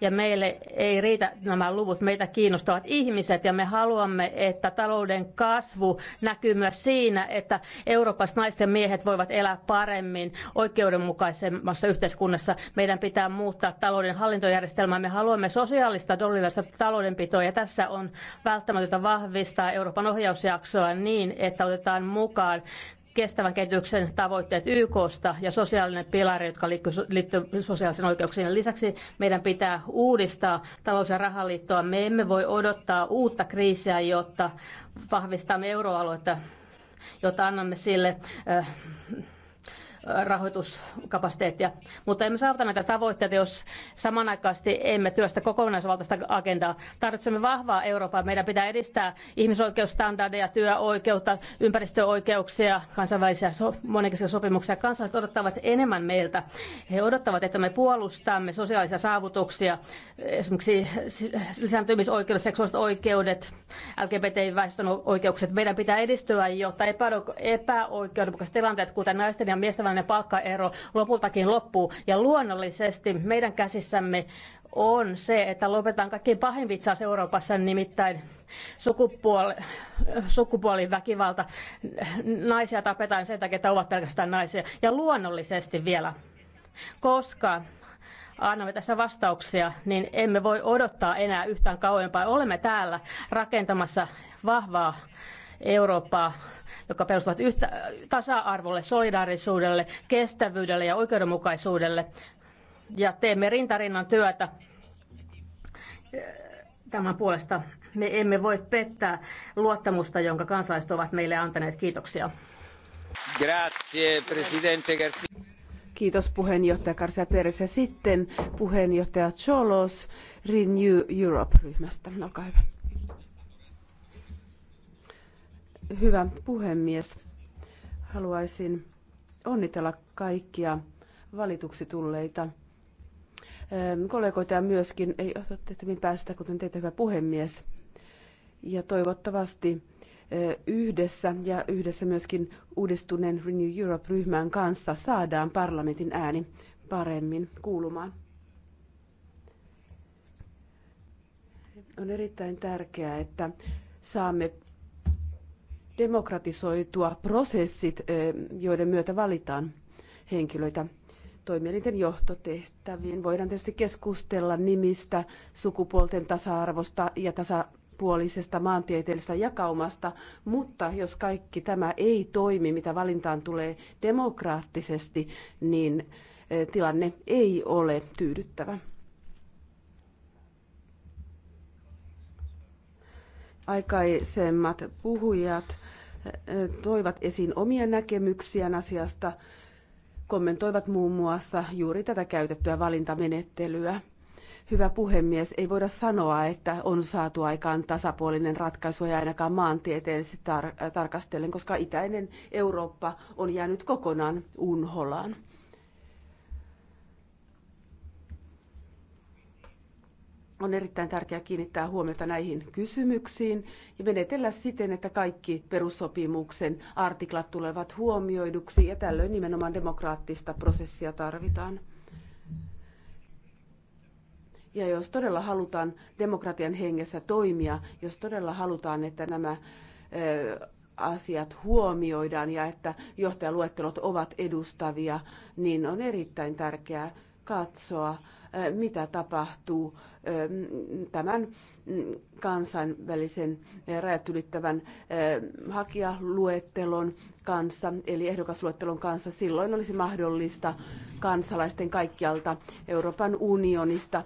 ja meille ei riitä nämä luvut, meitä kiinnostavat ihmiset ja me haluamme, että talouden kasvu näkyy myös siinä, että Euroopassa naisten miehet voivat elää paremmin oikeudenmukaisemmassa yhteiskunnassa. Meidän pitää muuttaa talouden hallintojärjestelmää. Me haluamme sosiaalista dollilaista taloudenpitoa ja tässä on välttämätöntä vahvistaa Euroopan ohjausjaksoa niin, että otetaan mukaan kestävän kehityksen tavoitteet YKsta ja sosiaalinen pilari, jotka liittyy sosiaalisen oikeuksien lisäksi. Meidän pitää uudistaa talous- ja rahaliittoa. Me emme voi odottaa uutta kriisiä, jotta vahvistamme euroaluetta, jotta annamme sille äh, rahoituskapasiteettia. Mutta emme saavuta näitä tavoitteita, jos samanaikaisesti emme työstä kokonaisvaltaista agendaa. Tarvitsemme vahvaa Eurooppaa. Meidän pitää edistää ihmisoikeusstandardeja, työoikeutta, ympäristöoikeuksia, kansainvälisiä so- monenkeskisiä sopimuksia. Kansalaiset odottavat enemmän meiltä. He odottavat, että me puolustamme sosiaalisia saavutuksia, esimerkiksi lisääntymisoikeudet, seksuaaliset oikeudet, LGBT-väestön oikeukset. Meidän pitää edistyä, jotta epäoikeudenmukaiset tilanteet, kuten naisten ja miesten Tällainen palkkaero lopultakin loppuu. Ja luonnollisesti meidän käsissämme on se, että lopetetaan kaikkein pahin vitsaus Euroopassa, nimittäin sukupuoli, sukupuoliväkivalta. Naisia tapetaan sen takia, että ovat pelkästään naisia. Ja luonnollisesti vielä, koska annamme tässä vastauksia, niin emme voi odottaa enää yhtään kauempaa. Olemme täällä rakentamassa vahvaa Eurooppaa jotka perustuvat yhtä, tasa-arvolle, solidaarisuudelle, kestävyydelle ja oikeudenmukaisuudelle. Ja teemme rintarinnan työtä tämän puolesta. Me emme voi pettää luottamusta, jonka kansalaiset ovat meille antaneet. Kiitoksia. Grazie, presidente Garcia. Kiitos puheenjohtaja Karsia Peres ja sitten puheenjohtaja Cholos Renew Europe-ryhmästä. Olkaa hyvä. Hyvä puhemies. Haluaisin onnitella kaikkia valituksi tulleita ehm, kollegoita ja myöskin ei minä päästä, kuten teitä hyvä puhemies. Ja toivottavasti eh, yhdessä ja yhdessä myöskin uudistuneen Renew Europe-ryhmän kanssa saadaan parlamentin ääni paremmin kuulumaan. On erittäin tärkeää, että saamme demokratisoitua prosessit, eh, joiden myötä valitaan henkilöitä toimielinten johtotehtäviin. Voidaan tietysti keskustella nimistä, sukupuolten tasa-arvosta ja tasapuolisesta maantieteellisestä jakaumasta, mutta jos kaikki tämä ei toimi, mitä valintaan tulee demokraattisesti, niin eh, tilanne ei ole tyydyttävä. Aikaisemmat puhujat toivat esiin omia näkemyksiään asiasta, kommentoivat muun muassa juuri tätä käytettyä valintamenettelyä. Hyvä puhemies, ei voida sanoa, että on saatu aikaan tasapuolinen ratkaisu ja ainakaan maantieteellisesti tar- tarkastellen, koska itäinen Eurooppa on jäänyt kokonaan unholaan. on erittäin tärkeää kiinnittää huomiota näihin kysymyksiin ja menetellä siten, että kaikki perussopimuksen artiklat tulevat huomioiduksi ja tällöin nimenomaan demokraattista prosessia tarvitaan. Ja jos todella halutaan demokratian hengessä toimia, jos todella halutaan, että nämä asiat huomioidaan ja että johtajaluettelot ovat edustavia, niin on erittäin tärkeää katsoa, mitä tapahtuu tämän mm, kansainvälisen rajat ylittävän hakijaluettelon kanssa, eli ehdokasluettelon kanssa. Silloin olisi mahdollista kansalaisten kaikkialta Euroopan unionista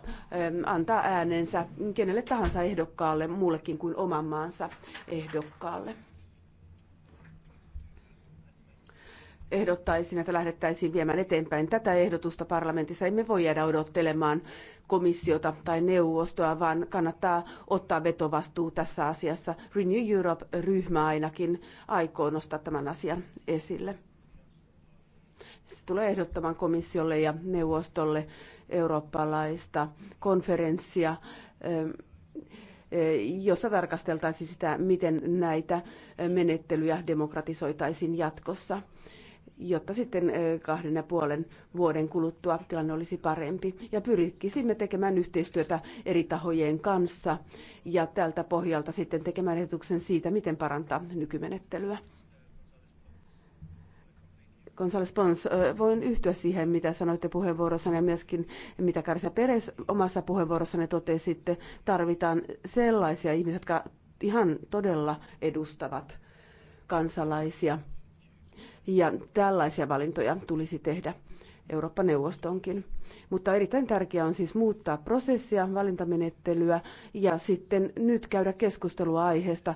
antaa äänensä kenelle tahansa ehdokkaalle, muullekin kuin oman maansa ehdokkaalle. ehdottaisin, että lähdettäisiin viemään eteenpäin tätä ehdotusta parlamentissa. Emme voi jäädä odottelemaan komissiota tai neuvostoa, vaan kannattaa ottaa vetovastuu tässä asiassa. Renew Europe-ryhmä ainakin aikoo nostaa tämän asian esille. Se tulee ehdottamaan komissiolle ja neuvostolle eurooppalaista konferenssia, ähm, äh, jossa tarkasteltaisiin sitä, miten näitä menettelyjä demokratisoitaisiin jatkossa jotta sitten kahden ja puolen vuoden kuluttua tilanne olisi parempi. Ja pyrkisimme tekemään yhteistyötä eri tahojen kanssa ja tältä pohjalta sitten tekemään ehdotuksen siitä, miten parantaa nykymenettelyä. Gonzales Pons, voin yhtyä siihen, mitä sanoitte puheenvuorossanne ja myöskin mitä Karsa Peres omassa puheenvuorossanne totesitte. Tarvitaan sellaisia ihmisiä, jotka ihan todella edustavat kansalaisia – ja tällaisia valintoja tulisi tehdä Eurooppa-neuvostonkin. Mutta erittäin tärkeää on siis muuttaa prosessia, valintamenettelyä ja sitten nyt käydä keskustelua aiheesta.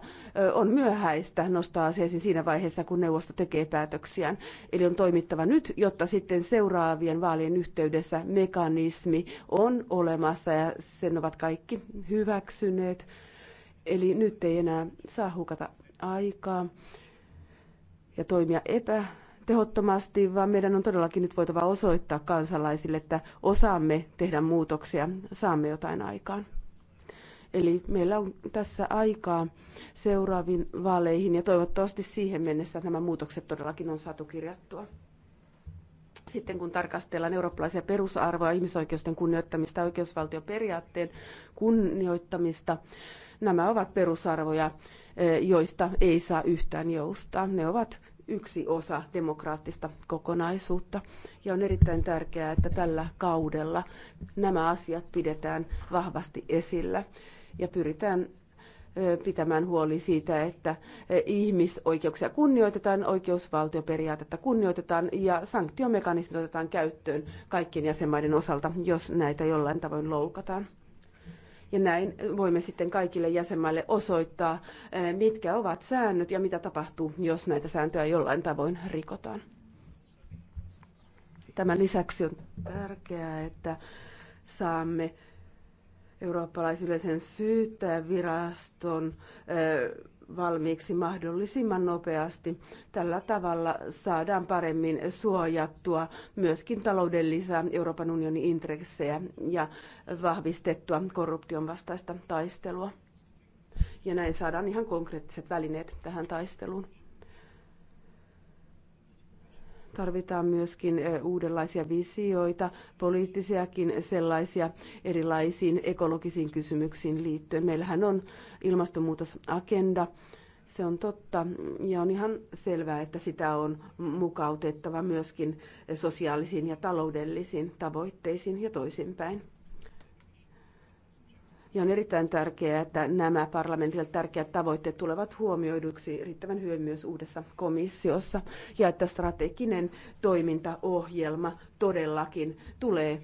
On myöhäistä nostaa asiasi siinä vaiheessa, kun neuvosto tekee päätöksiään. Eli on toimittava nyt, jotta sitten seuraavien vaalien yhteydessä mekanismi on olemassa ja sen ovat kaikki hyväksyneet. Eli nyt ei enää saa hukata aikaa ja toimia epätehottomasti, vaan meidän on todellakin nyt voitava osoittaa kansalaisille, että osaamme tehdä muutoksia, saamme jotain aikaan. Eli meillä on tässä aikaa seuraaviin vaaleihin ja toivottavasti siihen mennessä nämä muutokset todellakin on saatu kirjattua. Sitten kun tarkastellaan eurooppalaisia perusarvoja, ihmisoikeusten kunnioittamista, oikeusvaltioperiaatteen kunnioittamista, nämä ovat perusarvoja, joista ei saa yhtään joustaa. Ne ovat yksi osa demokraattista kokonaisuutta. Ja on erittäin tärkeää, että tällä kaudella nämä asiat pidetään vahvasti esillä ja pyritään pitämään huoli siitä, että ihmisoikeuksia kunnioitetaan, oikeusvaltioperiaatetta kunnioitetaan ja sanktiomekanismit otetaan käyttöön kaikkien jäsenmaiden osalta, jos näitä jollain tavoin loukataan. Ja näin voimme sitten kaikille jäsenmaille osoittaa, eh, mitkä ovat säännöt ja mitä tapahtuu, jos näitä sääntöjä jollain tavoin rikotaan. Tämän lisäksi on tärkeää, että saamme eurooppalaisyleisen syyttäjäviraston viraston eh, valmiiksi mahdollisimman nopeasti. Tällä tavalla saadaan paremmin suojattua myöskin taloudellisia Euroopan unionin intressejä ja vahvistettua korruption vastaista taistelua. Ja näin saadaan ihan konkreettiset välineet tähän taisteluun. Tarvitaan myöskin uudenlaisia visioita, poliittisiakin sellaisia erilaisiin ekologisiin kysymyksiin liittyen. Meillähän on ilmastonmuutosagenda, se on totta ja on ihan selvää, että sitä on mukautettava myöskin sosiaalisiin ja taloudellisiin tavoitteisiin ja toisinpäin. Ja on erittäin tärkeää, että nämä parlamentille tärkeät tavoitteet tulevat huomioiduksi riittävän hyvin myös uudessa komissiossa ja että strateginen toimintaohjelma todellakin tulee e,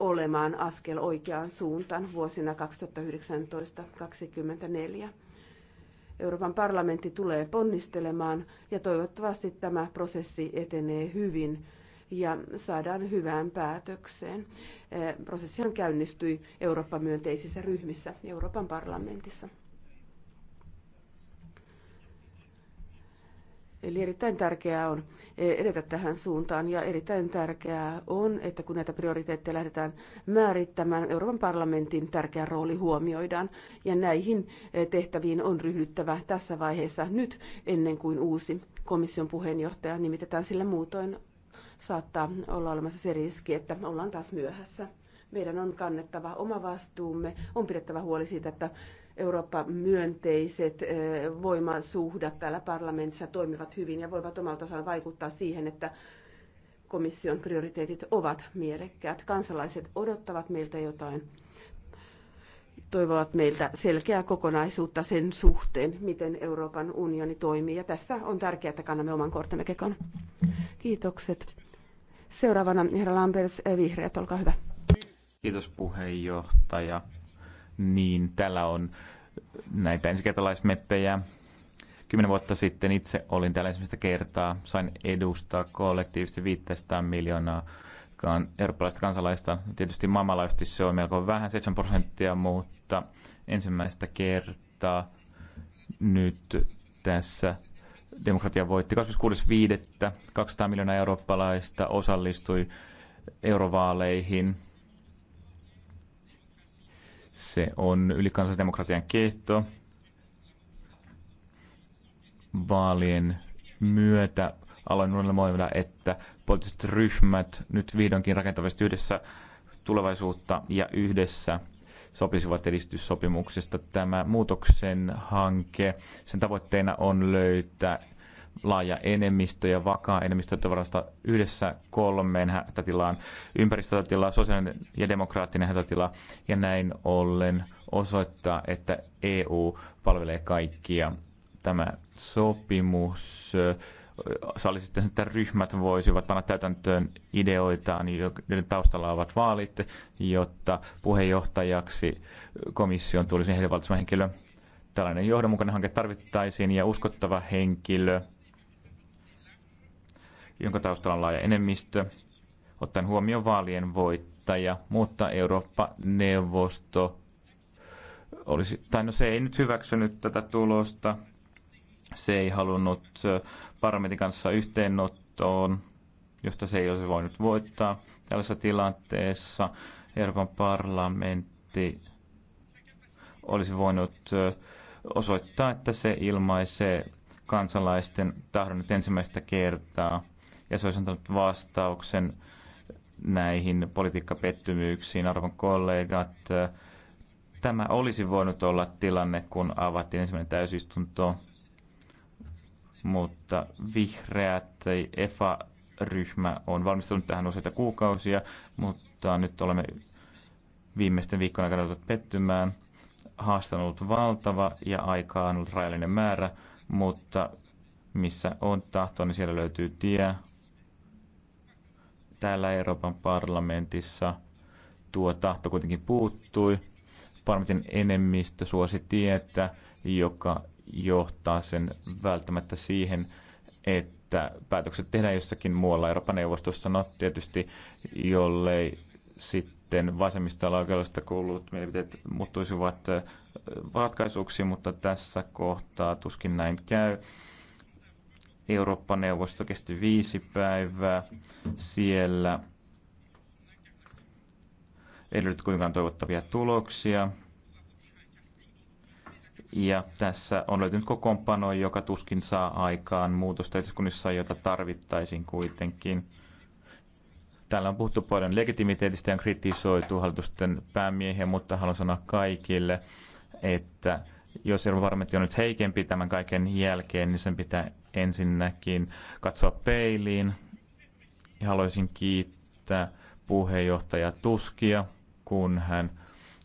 olemaan askel oikeaan suuntaan vuosina 2019-2024. Euroopan parlamentti tulee ponnistelemaan ja toivottavasti tämä prosessi etenee hyvin ja saadaan hyvään päätökseen. Eh, prosessihan käynnistyi Eurooppa-myönteisissä ryhmissä Euroopan parlamentissa. Eli erittäin tärkeää on eh, edetä tähän suuntaan ja erittäin tärkeää on, että kun näitä prioriteetteja lähdetään määrittämään, Euroopan parlamentin tärkeä rooli huomioidaan ja näihin eh, tehtäviin on ryhdyttävä tässä vaiheessa nyt ennen kuin uusi komission puheenjohtaja nimitetään, sillä muutoin saattaa olla olemassa se riski, että ollaan taas myöhässä. Meidän on kannettava oma vastuumme, on pidettävä huoli siitä, että Eurooppa-myönteiset eh, voimasuhdat täällä parlamentissa toimivat hyvin ja voivat omalta osaltaan vaikuttaa siihen, että komission prioriteetit ovat mielekkäät. Kansalaiset odottavat meiltä jotain, toivovat meiltä selkeää kokonaisuutta sen suhteen, miten Euroopan unioni toimii. Ja tässä on tärkeää, että kannamme oman kortemme kekon. Kiitokset. Seuraavana herra Lambers eh, vihreät, olkaa hyvä. Kiitos puheenjohtaja. Niin, täällä on näitä ensikertalaismeppejä. Kymmenen vuotta sitten itse olin täällä ensimmäistä kertaa. Sain edustaa kollektiivisesti 500 miljoonaa eurooppalaista kansalaista. Tietysti maailmanlaajuisesti se on melko vähän, 7 prosenttia, mutta ensimmäistä kertaa nyt tässä demokratia voitti. 26.5. 200 miljoonaa eurooppalaista osallistui eurovaaleihin. Se on ylikansallisdemokratian kehto. Vaalien myötä aloin unelmoida, että poliittiset ryhmät nyt vihdoinkin rakentavasti yhdessä tulevaisuutta ja yhdessä sopisivat edistyssopimuksesta. Tämä muutoksen hanke, sen tavoitteena on löytää laaja enemmistö ja vakaa enemmistö tavarasta yhdessä kolmeen hätätilaan, ympäristöhätätilaa, sosiaalinen ja demokraattinen hätätila ja näin ollen osoittaa, että EU palvelee kaikkia. Tämä sopimus sitten, että ryhmät voisivat panna täytäntöön ideoitaan, joiden taustalla ovat vaalit, jotta puheenjohtajaksi komission tulisi heidän valitsema henkilö. Tällainen johdonmukainen hanke tarvittaisiin ja uskottava henkilö, jonka taustalla on laaja enemmistö, ottaen huomioon vaalien voittaja, mutta Eurooppa-neuvosto olisi, tai no se ei nyt hyväksynyt tätä tulosta, se ei halunnut parlamentin kanssa yhteenottoon, josta se ei olisi voinut voittaa. Tällaisessa tilanteessa Euroopan parlamentti olisi voinut osoittaa, että se ilmaisee kansalaisten tahdon nyt ensimmäistä kertaa. Ja se olisi antanut vastauksen näihin politiikkapettymyyksiin. Arvon kollegat, tämä olisi voinut olla tilanne, kun avattiin ensimmäinen täysistunto mutta vihreät EFA-ryhmä on valmistunut tähän useita kuukausia, mutta nyt olemme viimeisten viikkojen aikana joutuneet pettymään. Haaste on ollut valtava ja aikaa on ollut rajallinen määrä, mutta missä on tahto niin siellä löytyy tie. Täällä Euroopan parlamentissa tuo tahto kuitenkin puuttui. Parlamentin enemmistö suosi tietä, joka johtaa sen välttämättä siihen, että päätökset tehdään jossakin muualla Euroopan neuvostossa. No tietysti, jollei sitten vasemmista oikeudesta kuulut mielipiteet muuttuisivat ratkaisuksi, mutta tässä kohtaa tuskin näin käy. Eurooppa-neuvosto kesti viisi päivää siellä. Ei löydy kuinkaan toivottavia tuloksia. Ja tässä on löytynyt kokoonpano, joka tuskin saa aikaan muutosta yhteiskunnissa, jota tarvittaisiin kuitenkin. Täällä on puhuttu paljon legitimiteetistä ja on kritisoitu hallitusten päämiehiä, mutta haluan sanoa kaikille, että jos Euroopan parlamentti on nyt heikempi tämän kaiken jälkeen, niin sen pitää ensinnäkin katsoa peiliin. Ja haluaisin kiittää puheenjohtaja Tuskia, kun hän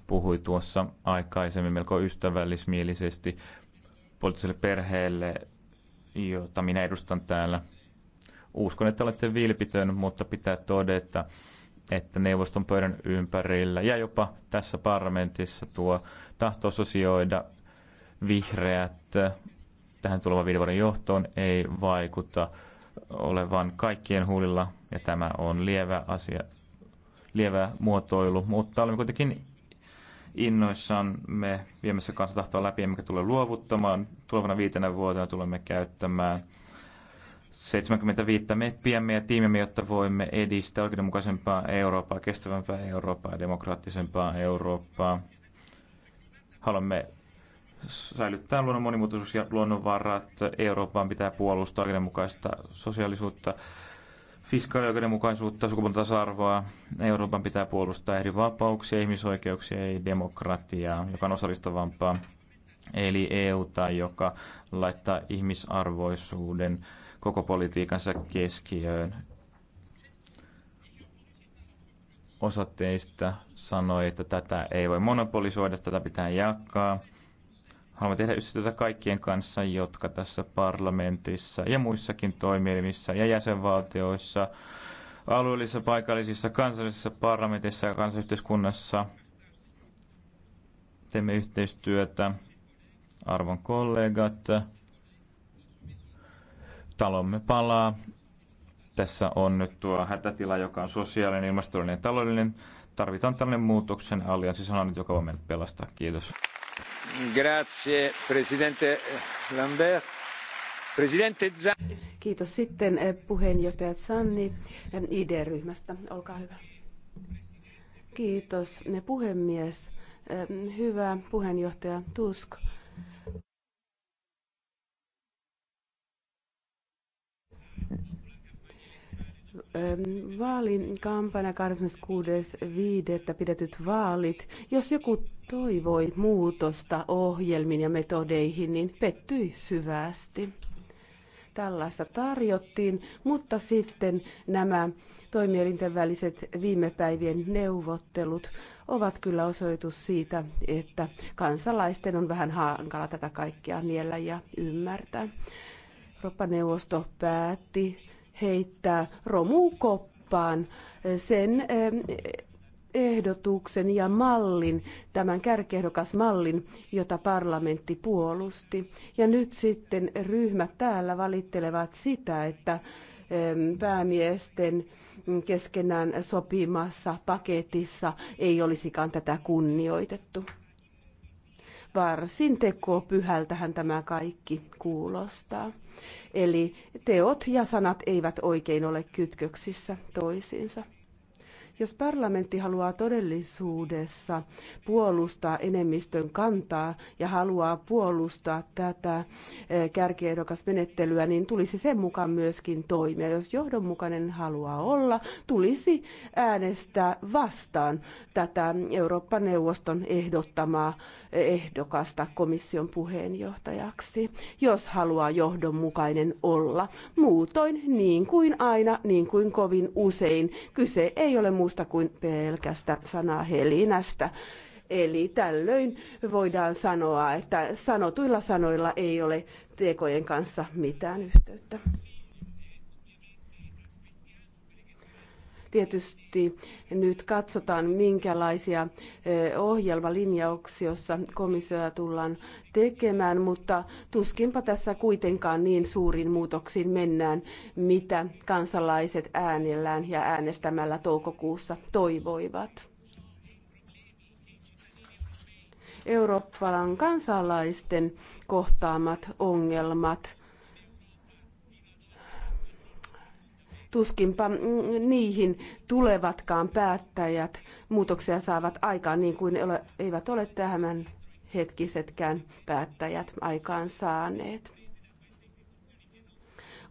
puhui tuossa aikaisemmin melko ystävällismielisesti poliittiselle perheelle, jota minä edustan täällä. Uskon, että olette vilpitön, mutta pitää todeta, että neuvoston pöydän ympärillä ja jopa tässä parlamentissa tuo tahto sosioida vihreät tähän tulevan viiden vuoden johtoon ei vaikuta olevan kaikkien huulilla, ja tämä on lievä asia, lievä muotoilu, mutta olemme kuitenkin innoissaan me viemässä kanssa tahtoa läpi, mikä tulee luovuttamaan. Tulevana viitenä vuotena tulemme käyttämään 75 meppiämme ja tiimimme, jotta voimme edistää oikeudenmukaisempaa Eurooppaa, kestävämpää Eurooppaa ja demokraattisempaa Eurooppaa. Haluamme säilyttää luonnon monimuotoisuus ja luonnonvarat. Eurooppaan pitää puolustaa oikeudenmukaista sosiaalisuutta, fiskaalioikeudenmukaisuutta, tasa arvoa Euroopan pitää puolustaa eri vapauksia, ihmisoikeuksia ja demokratiaa, joka on osallistavampaa. Eli EU-tai joka laittaa ihmisarvoisuuden koko politiikansa keskiöön. Osa teistä sanoi, että tätä ei voi monopolisoida, tätä pitää jakaa. Haluamme tehdä yhteistyötä kaikkien kanssa, jotka tässä parlamentissa ja muissakin toimielimissä ja jäsenvaltioissa, alueellisissa, paikallisissa, kansallisissa parlamentissa ja kansayhteiskunnassa teemme yhteistyötä. Arvon kollegat, talomme palaa. Tässä on nyt tuo hätätila, joka on sosiaalinen, ilmastollinen ja taloudellinen. Tarvitaan tällainen muutoksen allianssi sana nyt, joka voi meidät pelastaa. Kiitos. Kiitos sitten eh, puheenjohtaja Zanni eh, ID-ryhmästä. Olkaa hyvä. Kiitos eh, puhemies. Hyvä puheenjohtaja Tusk. vaalikampanja 26.5. pidetyt vaalit. Jos joku toivoi muutosta ohjelmiin ja metodeihin, niin pettyi syvästi. Tällaista tarjottiin, mutta sitten nämä toimielinten väliset viime päivien neuvottelut ovat kyllä osoitus siitä, että kansalaisten on vähän hankala tätä kaikkea niellä ja ymmärtää. Eurooppa-neuvosto päätti heittää romukoppaan sen eh, ehdotuksen ja mallin, tämän kärkehdokas mallin, jota parlamentti puolusti. Ja nyt sitten ryhmät täällä valittelevat sitä, että päämiesten keskenään sopimassa paketissa ei olisikaan tätä kunnioitettu. Varsin pyhältähän tämä kaikki kuulostaa. Eli teot ja sanat eivät oikein ole kytköksissä toisiinsa. Jos parlamentti haluaa todellisuudessa puolustaa enemmistön kantaa ja haluaa puolustaa tätä eh, kärkiehdokasmenettelyä, niin tulisi sen mukaan myöskin toimia. Jos johdonmukainen haluaa olla, tulisi äänestää vastaan tätä Eurooppa-neuvoston ehdottamaa eh, ehdokasta komission puheenjohtajaksi, jos haluaa johdonmukainen olla. Muutoin niin kuin aina, niin kuin kovin usein, kyse ei ole muusta muusta kuin pelkästä sanaa Helinästä, Eli tällöin voidaan sanoa, että sanotuilla sanoilla ei ole tekojen kanssa mitään yhteyttä. Tietysti nyt katsotaan, minkälaisia ohjelmalinjauksia komissioja tullaan tekemään, mutta tuskinpa tässä kuitenkaan niin suurin muutoksiin mennään, mitä kansalaiset äänellään ja äänestämällä toukokuussa toivoivat. Euroopan kansalaisten kohtaamat ongelmat tuskinpa mm, niihin tulevatkaan päättäjät muutoksia saavat aikaan niin kuin eivät ole tähän hetkisetkään päättäjät aikaan saaneet.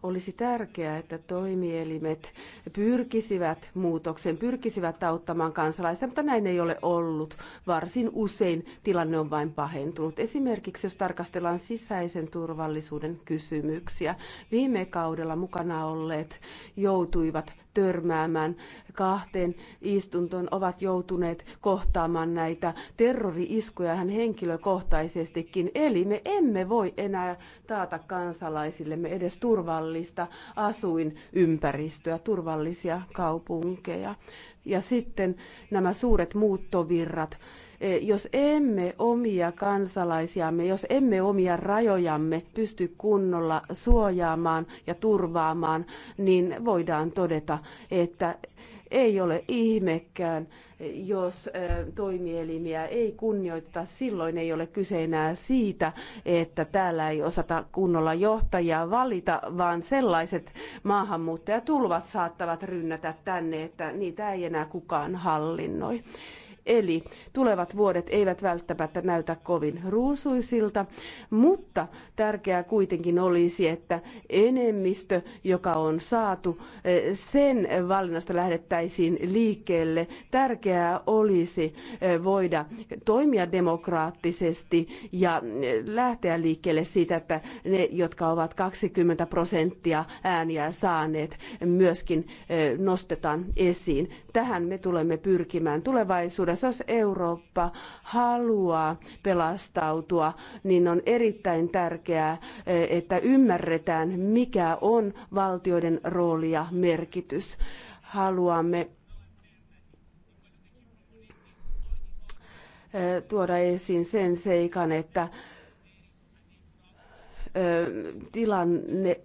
Olisi tärkeää, että toimielimet pyrkisivät muutokseen, pyrkisivät auttamaan kansalaisia, mutta näin ei ole ollut. Varsin usein tilanne on vain pahentunut. Esimerkiksi jos tarkastellaan sisäisen turvallisuuden kysymyksiä, viime kaudella mukana olleet joutuivat törmäämään kahteen istuntoon, ovat joutuneet kohtaamaan näitä terrori-iskuja hän henkilökohtaisestikin. Eli me emme voi enää taata kansalaisillemme edes turvallista asuinympäristöä, turvallisia kaupunkeja. Ja sitten nämä suuret muuttovirrat Eh, jos emme omia kansalaisiamme, jos emme omia rajojamme pysty kunnolla suojaamaan ja turvaamaan, niin voidaan todeta, että ei ole ihmekään, jos eh, toimielimiä ei kunnioiteta. Silloin ei ole kyse enää siitä, että täällä ei osata kunnolla johtajia valita, vaan sellaiset maahanmuuttajatulvat saattavat rynnätä tänne, että niitä ei enää kukaan hallinnoi. Eli tulevat vuodet eivät välttämättä näytä kovin ruusuisilta, mutta tärkeää kuitenkin olisi, että enemmistö, joka on saatu, eh, sen valinnasta lähdettäisiin liikkeelle. Tärkeää olisi eh, voida toimia demokraattisesti ja eh, lähteä liikkeelle siitä, että ne, jotka ovat 20 prosenttia ääniä saaneet, myöskin nostetaan esiin. Tähän me tulemme pyrkimään tulevaisuudessa jos Eurooppa haluaa pelastautua, niin on erittäin tärkeää, että ymmärretään, mikä on valtioiden rooli ja merkitys. Haluamme tuoda esiin sen seikan, että tilanne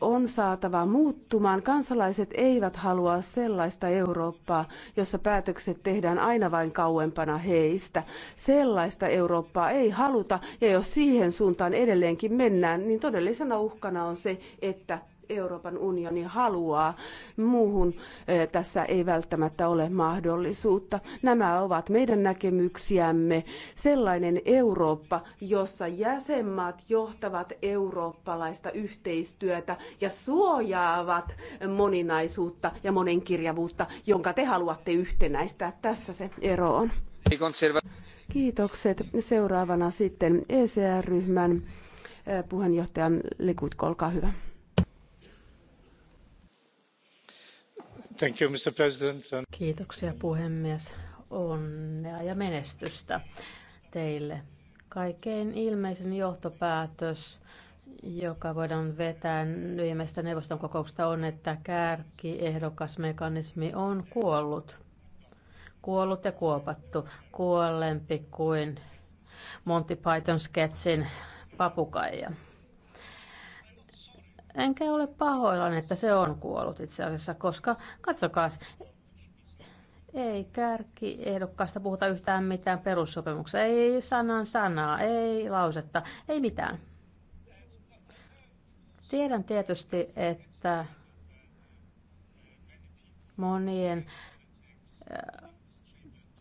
on saatava muuttumaan. Kansalaiset eivät halua sellaista Eurooppaa, jossa päätökset tehdään aina vain kauempana heistä. Sellaista Eurooppaa ei haluta, ja jos siihen suuntaan edelleenkin mennään, niin todellisena uhkana on se, että Euroopan unioni haluaa. Muuhun eh, tässä ei välttämättä ole mahdollisuutta. Nämä ovat meidän näkemyksiämme. Sellainen Eurooppa, jossa jäsenmaat johtavat eurooppalaista yhteistyötä ja suojaavat moninaisuutta ja monenkirjavuutta, jonka te haluatte yhtenäistää. Tässä se ero on. Kiitokset. Seuraavana sitten ECR-ryhmän eh, puheenjohtajan Lekutko, olkaa hyvä. Thank you, Mr. President. Kiitoksia puhemies. Onnea ja menestystä teille. Kaikkein ilmeisin johtopäätös, joka voidaan vetää viimeistä neuvoston kokouksesta, on, että kärkiehdokasmekanismi on kuollut. Kuollut ja kuopattu. Kuollempi kuin Monty Python sketsin papukaija. Enkä ole pahoillani, että se on kuollut itse asiassa, koska katsokaa, ei kärki ehdokkaasta puhuta yhtään mitään perussopimuksessa. Ei sanan sanaa, ei lausetta, ei mitään. Tiedän tietysti, että monien äh,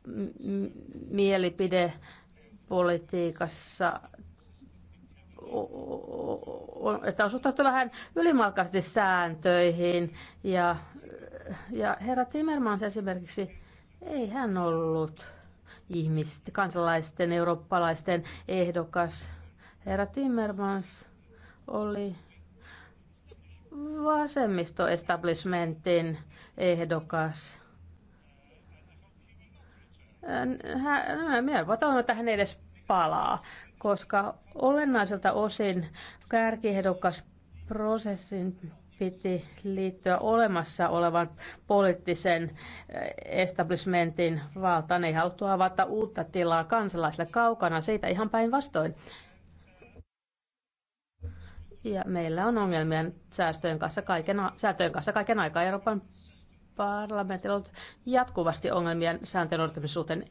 m- m- mielipidepolitiikassa että on suhtauduttu vähän ylimalkaisesti sääntöihin. Ja, ja herra Timmermans esimerkiksi, ei hän ollut ihmisten, kansalaisten, eurooppalaisten ehdokas. Herra Timmermans oli vasemmistoestablishmentin ehdokas. Hän, minä voin että hän edes palaa koska olennaiselta osin kärkiehdokas prosessin piti liittyä olemassa olevan poliittisen eh, establishmentin valtaan. Ei haluttu avata uutta tilaa kansalaisille kaukana siitä ihan päinvastoin. Ja meillä on ongelmia säästöjen kanssa kaiken, säätöjen kanssa kaiken aikaa. Euroopan parlamentilla on jatkuvasti ongelmia sääntöjen noudattamisen suhteen.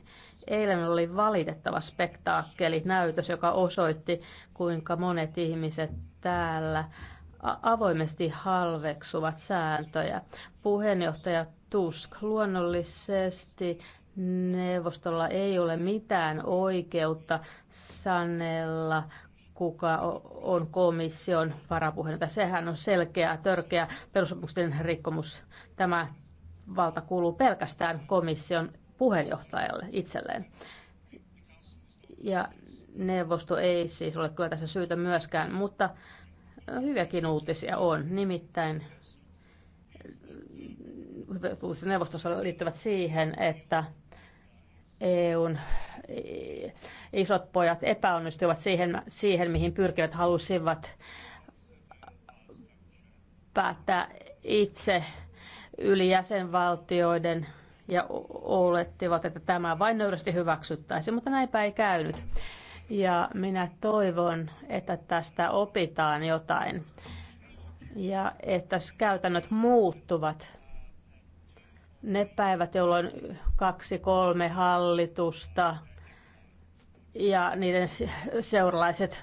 Eilen oli valitettava spektaakkeli, näytös, joka osoitti, kuinka monet ihmiset täällä avoimesti halveksuvat sääntöjä. Puheenjohtaja Tusk luonnollisesti neuvostolla ei ole mitään oikeutta sanella kuka on komission varapuheenjohtaja. Sehän on selkeä, törkeä perussopimusten rikkomus. Tämä valta kuuluu pelkästään komission puheenjohtajalle itselleen. Ja neuvosto ei siis ole kyllä tässä syytä myöskään, mutta hyviäkin uutisia on. Nimittäin neuvostossa liittyvät siihen, että EUn isot pojat epäonnistuivat siihen, siihen mihin pyrkivät halusivat päättää itse yli jäsenvaltioiden ja olettivat, että tämä vain nöyrästi hyväksyttäisiin, mutta näinpä ei käynyt. Ja minä toivon, että tästä opitaan jotain ja että käytännöt muuttuvat. Ne päivät, jolloin kaksi, kolme hallitusta ja niiden seuralaiset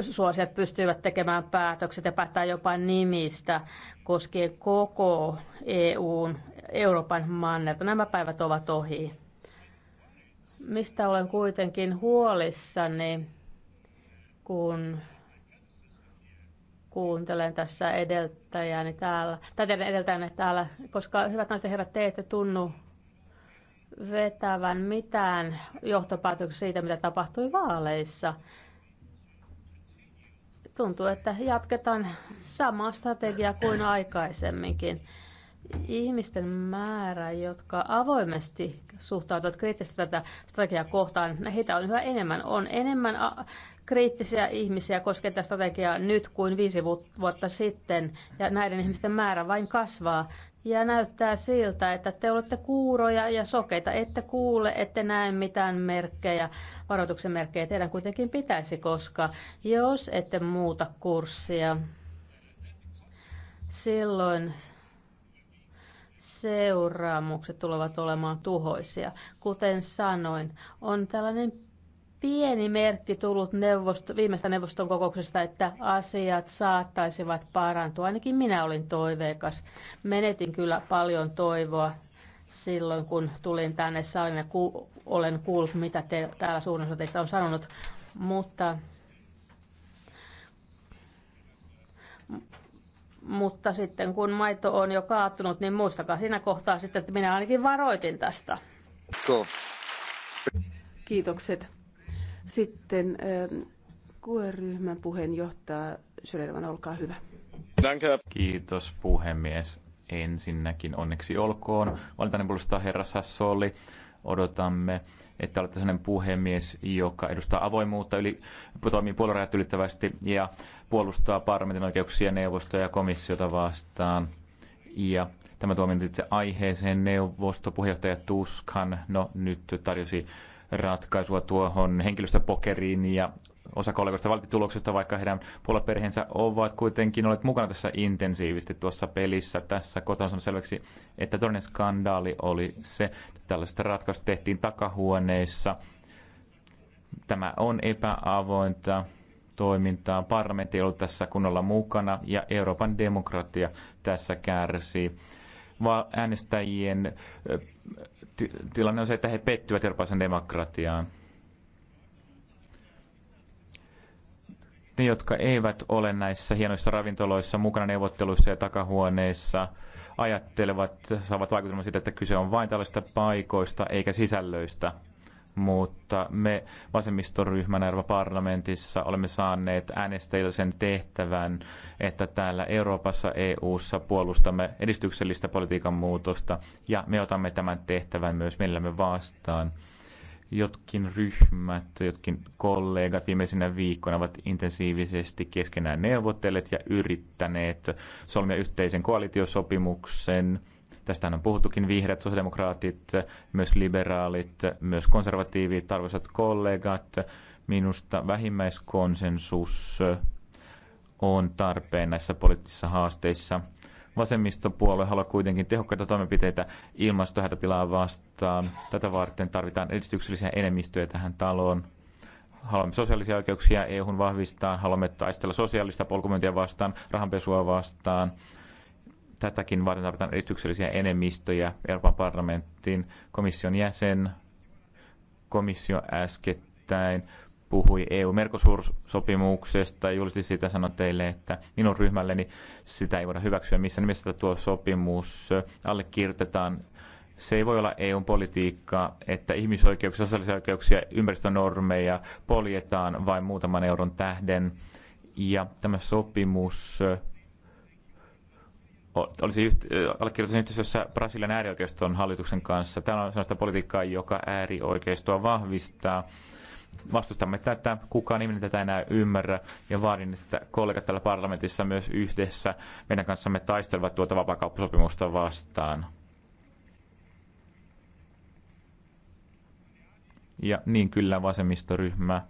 suosijat pystyivät tekemään päätökset ja päättää jopa nimistä koskien koko EUn, Euroopan mannerta. Nämä päivät ovat ohi. Mistä olen kuitenkin huolissani, kun kuuntelen tässä edeltäjäni täällä, tai teidän täällä, koska hyvät naiset ja herrat, te ette tunnu vetävän mitään johtopäätöksiä siitä, mitä tapahtui vaaleissa. Tuntuu, että jatketaan samaa strategiaa kuin aikaisemminkin. Ihmisten määrä, jotka avoimesti suhtautuvat kriittisesti tätä strategiaa kohtaan, heitä on yhä enemmän. On enemmän kriittisiä ihmisiä koskee tätä strategiaa nyt kuin viisi vuotta sitten, ja näiden ihmisten määrä vain kasvaa. Ja näyttää siltä, että te olette kuuroja ja sokeita, ette kuule, ette näe mitään merkkejä, varoituksen merkkejä teidän kuitenkin pitäisi, koska jos ette muuta kurssia, silloin seuraamukset tulevat olemaan tuhoisia. Kuten sanoin, on tällainen pieni merkki tullut neuvosto, viimeistä neuvoston kokouksesta, että asiat saattaisivat parantua. Ainakin minä olin toiveikas. Menetin kyllä paljon toivoa silloin, kun tulin tänne saliin ja ku- olen kuullut, mitä te, täällä suunnassa teistä on sanonut. Mutta, mutta sitten kun maito on jo kaattunut, niin muistakaa siinä kohtaa sitten, että minä ainakin varoitin tästä. Kiitokset sitten qr ryhmän puheenjohtaja Sylervan, olkaa hyvä. Kiitos puhemies. Ensinnäkin onneksi olkoon. Valitainen puolustaa herra Sassoli. Odotamme, että olette sellainen puhemies, joka edustaa avoimuutta, yli, toimii puolueen ylittävästi ja puolustaa parlamentin oikeuksia neuvostoja ja komissiota vastaan. Ja tämä tuo itse aiheeseen neuvostopuheenjohtaja Tuskan, no nyt tarjosi ratkaisua tuohon henkilöstöpokeriin ja osa kollegoista valitti tuloksesta, vaikka heidän puolaperheensä ovat kuitenkin olleet mukana tässä intensiivisesti tuossa pelissä. Tässä kotona on selväksi, että todellinen skandaali oli se, että tällaista ratkaisua tehtiin takahuoneissa. Tämä on epäavointa toimintaa. Parlamentti ei ollut tässä kunnolla mukana ja Euroopan demokratia tässä kärsii. Vaan äänestäjien tilanne on se, että he pettyvät Euroopan demokratiaan. Ne, jotka eivät ole näissä hienoissa ravintoloissa mukana neuvotteluissa ja takahuoneissa, ajattelevat, saavat vaikutelman siitä, että kyse on vain tällaista paikoista eikä sisällöistä – mutta me vasemmistoryhmänä Euroopan parlamentissa olemme saaneet äänestäjillä sen tehtävän, että täällä Euroopassa, EU:ssa puolustamme edistyksellistä politiikan muutosta ja me otamme tämän tehtävän myös mielellämme vastaan. Jotkin ryhmät, jotkin kollegat viimeisinä viikkoina ovat intensiivisesti keskenään neuvotelleet ja yrittäneet solmia yhteisen koalitiosopimuksen – Tästä on puhuttukin vihreät, sosiaalidemokraatit, myös liberaalit, myös konservatiivit, arvoisat kollegat. Minusta vähimmäiskonsensus on tarpeen näissä poliittisissa haasteissa. Vasemmistopuolue haluaa kuitenkin tehokkaita toimenpiteitä ilmastohätätilaa vastaan. Tätä varten tarvitaan edistyksellisiä enemmistöjä tähän taloon haluamme sosiaalisia oikeuksia EU:hun vahvistaa, haluamme taistella sosiaalista polkumyyntiä vastaan, rahanpesua vastaan, Tätäkin varten tarvitaan edistyksellisiä enemmistöjä Euroopan parlamenttiin. Komission jäsen, komissio äskettäin puhui EU-Mercosur-sopimuksesta ja julisti siitä sanoi teille, että minun ryhmälleni sitä ei voida hyväksyä missä nimessä tuo sopimus allekirjoitetaan. Se ei voi olla EUn politiikkaa, että ihmisoikeuksia, sosiaalisia oikeuksia, ympäristönormeja poljetaan vain muutaman euron tähden. Ja tämä sopimus olisi allekirjoituksen yhteistyössä Brasilian äärioikeiston hallituksen kanssa. Tämä on sellaista politiikkaa, joka äärioikeistoa vahvistaa. Vastustamme tätä, kukaan ihminen tätä enää ymmärrä ja vaadin, että kollegat täällä parlamentissa myös yhdessä meidän kanssamme taistelevat tuota vapaakauppasopimusta vastaan. Ja niin kyllä vasemmistoryhmä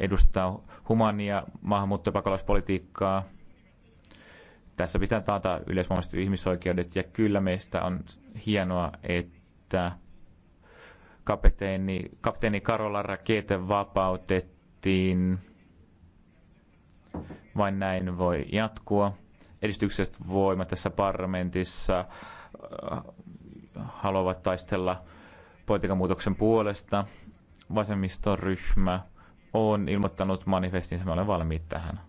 edustaa humania maahanmuutto- ja pakolaispolitiikkaa – tässä pitää taata yleisvoimaiset ihmisoikeudet ja kyllä meistä on hienoa, että kapteeni, kapteeni Karola Rakete vapautettiin. Vain näin voi jatkua. Edistykset voima tässä parlamentissa äh, haluavat taistella politiikan muutoksen puolesta. Vasemmistoryhmä on ilmoittanut manifestinsa. Me olemme valmiit tähän.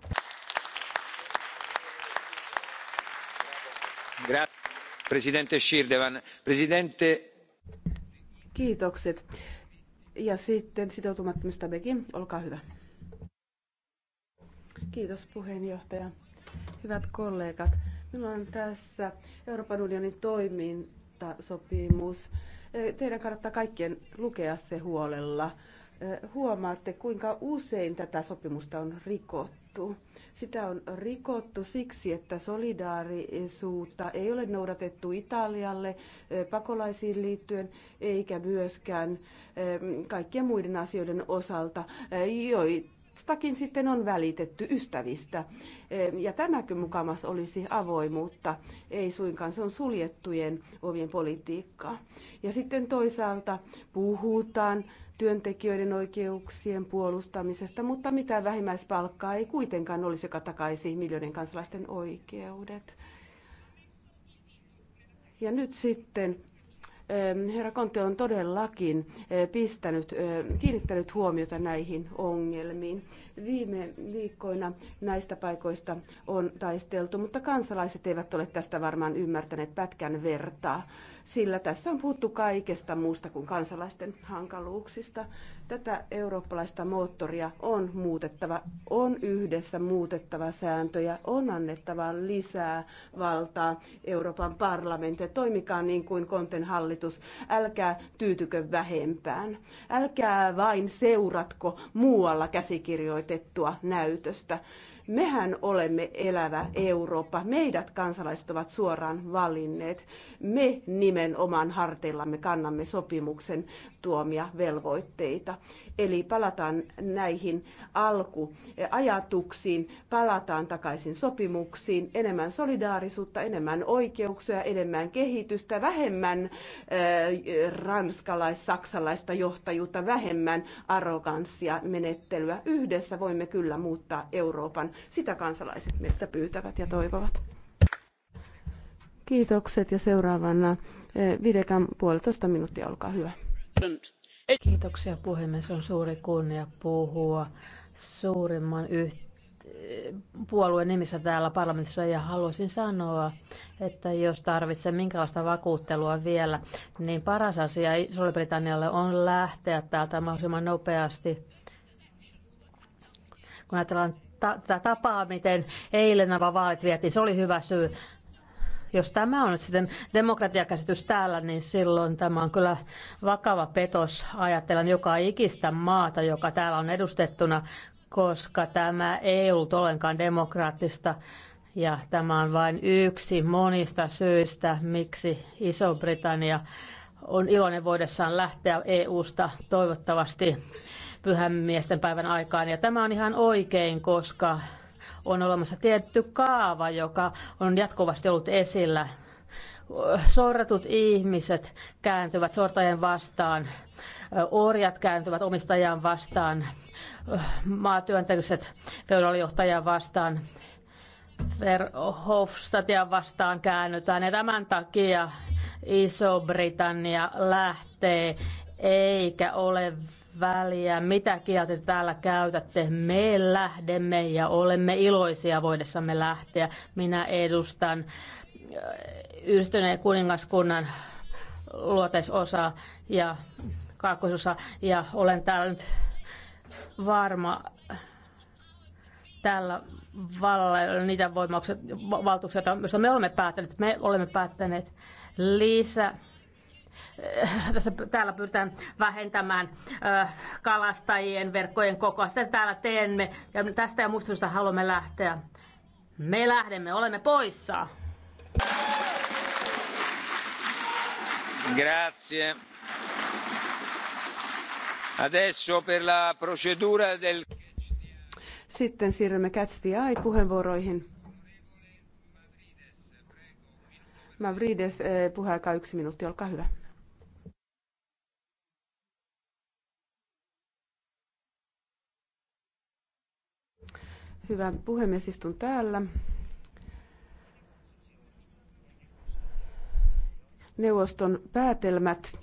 Presidente Shirdevan. Presidente... Kiitokset. Ja sitten sitoutumattomista Begin, olkaa hyvä. Kiitos puheenjohtaja. Hyvät kollegat, minulla on tässä Euroopan unionin toimintasopimus. Teidän kannattaa kaikkien lukea se huolella. Huomaatte, kuinka usein tätä sopimusta on rikottu rikottu. Sitä on rikottu siksi, että solidaarisuutta ei ole noudatettu Italialle eh, pakolaisiin liittyen, eikä myöskään eh, kaikkien muiden asioiden osalta, eh, joistakin sitten on välitetty ystävistä. Ja tämäkin mukamas olisi avoimuutta, ei suinkaan se on suljettujen ovien politiikkaa. Ja sitten toisaalta puhutaan työntekijöiden oikeuksien puolustamisesta, mutta mitään vähimmäispalkkaa ei kuitenkaan olisi, joka takaisi miljoonien kansalaisten oikeudet. Ja nyt sitten ähm, herra Konte on todellakin äh, pistänyt, ähm, kiinnittänyt huomiota näihin ongelmiin. Viime viikkoina näistä paikoista on taisteltu, mutta kansalaiset eivät ole tästä varmaan ymmärtäneet pätkän vertaa sillä tässä on puhuttu kaikesta muusta kuin kansalaisten hankaluuksista. Tätä eurooppalaista moottoria on muutettava, on yhdessä muutettava sääntöjä, on annettava lisää valtaa Euroopan parlamentille. Toimikaa niin kuin Konten hallitus, älkää tyytykö vähempään. Älkää vain seuratko muualla käsikirjoitettua näytöstä. Mehän olemme elävä Eurooppa. Meidät kansalaiset ovat suoraan valinneet. Me nimenomaan harteillamme kannamme sopimuksen tuomia velvoitteita. Eli palataan näihin alkuajatuksiin, palataan takaisin sopimuksiin, enemmän solidaarisuutta, enemmän oikeuksia, enemmän kehitystä, vähemmän äh, ranskalais-saksalaista johtajuutta, vähemmän arroganssia, menettelyä. Yhdessä voimme kyllä muuttaa Euroopan sitä kansalaiset meiltä pyytävät ja toivovat. Kiitokset ja seuraavana eh, Videkan puolitoista minuuttia, olkaa hyvä. Kiitoksia puhemies, on suuri kunnia puhua suurimman yh puolueen nimissä täällä parlamentissa ja haluaisin sanoa, että jos tarvitsee minkälaista vakuuttelua vielä, niin paras asia Iso-Britannialle on lähteä täältä mahdollisimman nopeasti. Kun ajatellaan tätä tapaa, miten eilen nämä vaalit vietiin. Se oli hyvä syy. Jos tämä on nyt sitten demokratiakäsitys täällä, niin silloin tämä on kyllä vakava petos. Ajattelen joka ikistä maata, joka täällä on edustettuna, koska tämä ei ollut ollenkaan demokraattista. Ja tämä on vain yksi monista syistä, miksi Iso-Britannia on iloinen voidessaan lähteä EU-sta toivottavasti pyhämiesten päivän aikaan. Ja tämä on ihan oikein, koska on olemassa tietty kaava, joka on jatkuvasti ollut esillä. Sorratut ihmiset kääntyvät sortajien vastaan, orjat kääntyvät omistajan vastaan, maatyöntekijät feodaalijohtajaa vastaan, Verhofstadtia vastaan käännytään. Ja tämän takia Iso-Britannia lähtee eikä ole väliä, mitä kieltä täällä käytätte. Me lähdemme ja olemme iloisia voidessamme lähteä. Minä edustan äh, yhdistyneen kuningaskunnan luoteisosa ja kaakkoisosa ja olen täällä nyt varma tällä vallalla niitä voimauksia, valtuuksia, joista me olemme päättäneet. Me olemme päättäneet lisää Äh, tässä, täällä pyritään vähentämään äh, kalastajien verkkojen kokoa. Sitä täällä teemme ja tästä ja muistutusta haluamme lähteä. Me lähdemme, olemme poissa. Grazie. Adesso per la procedura del... Sitten siirrymme Catch the Eye-puheenvuoroihin. Mavrides, eh, puheaika yksi minuutti, olkaa hyvä. Hyvä puhemies, istun täällä. Neuvoston päätelmät,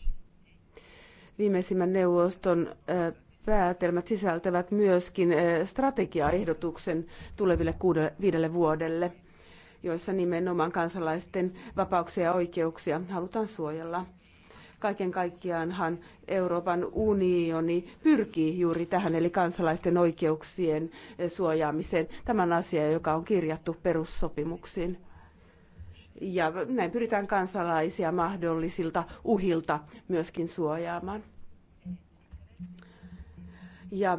viimeisimmän neuvoston päätelmät sisältävät myöskin strategiaehdotuksen tuleville kuudelle, viidelle vuodelle, joissa nimenomaan kansalaisten vapauksia ja oikeuksia halutaan suojella. Kaiken kaikkiaanhan Euroopan unioni pyrkii juuri tähän, eli kansalaisten oikeuksien suojaamiseen. Tämän asia, joka on kirjattu perussopimuksiin. Ja näin pyritään kansalaisia mahdollisilta uhilta myöskin suojaamaan. Ja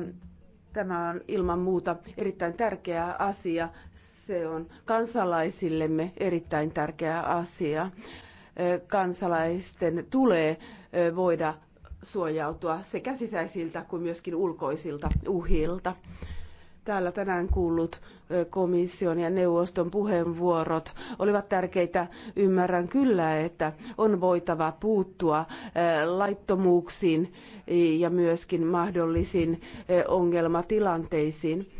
tämä on ilman muuta erittäin tärkeä asia. Se on kansalaisillemme erittäin tärkeä asia kansalaisten tulee voida suojautua sekä sisäisiltä kuin myöskin ulkoisilta uhilta. Täällä tänään kuullut komission ja neuvoston puheenvuorot olivat tärkeitä. Ymmärrän kyllä, että on voitava puuttua laittomuuksiin ja myöskin mahdollisiin ongelmatilanteisiin.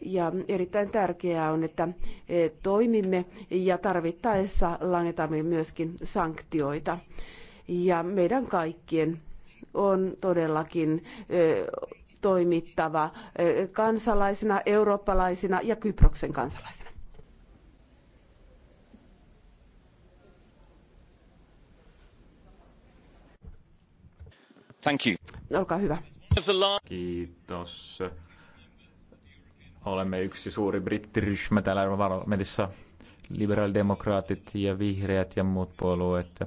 Ja erittäin tärkeää on, että e, toimimme ja tarvittaessa langetamme myöskin sanktioita. Ja meidän kaikkien on todellakin e, toimittava e, kansalaisina, eurooppalaisina ja Kyproksen kansalaisina. Thank you. Olkaa hyvä. Kiitos olemme yksi suuri brittiryhmä täällä Euroopan parlamentissa, liberaalidemokraatit ja vihreät ja muut puolueet,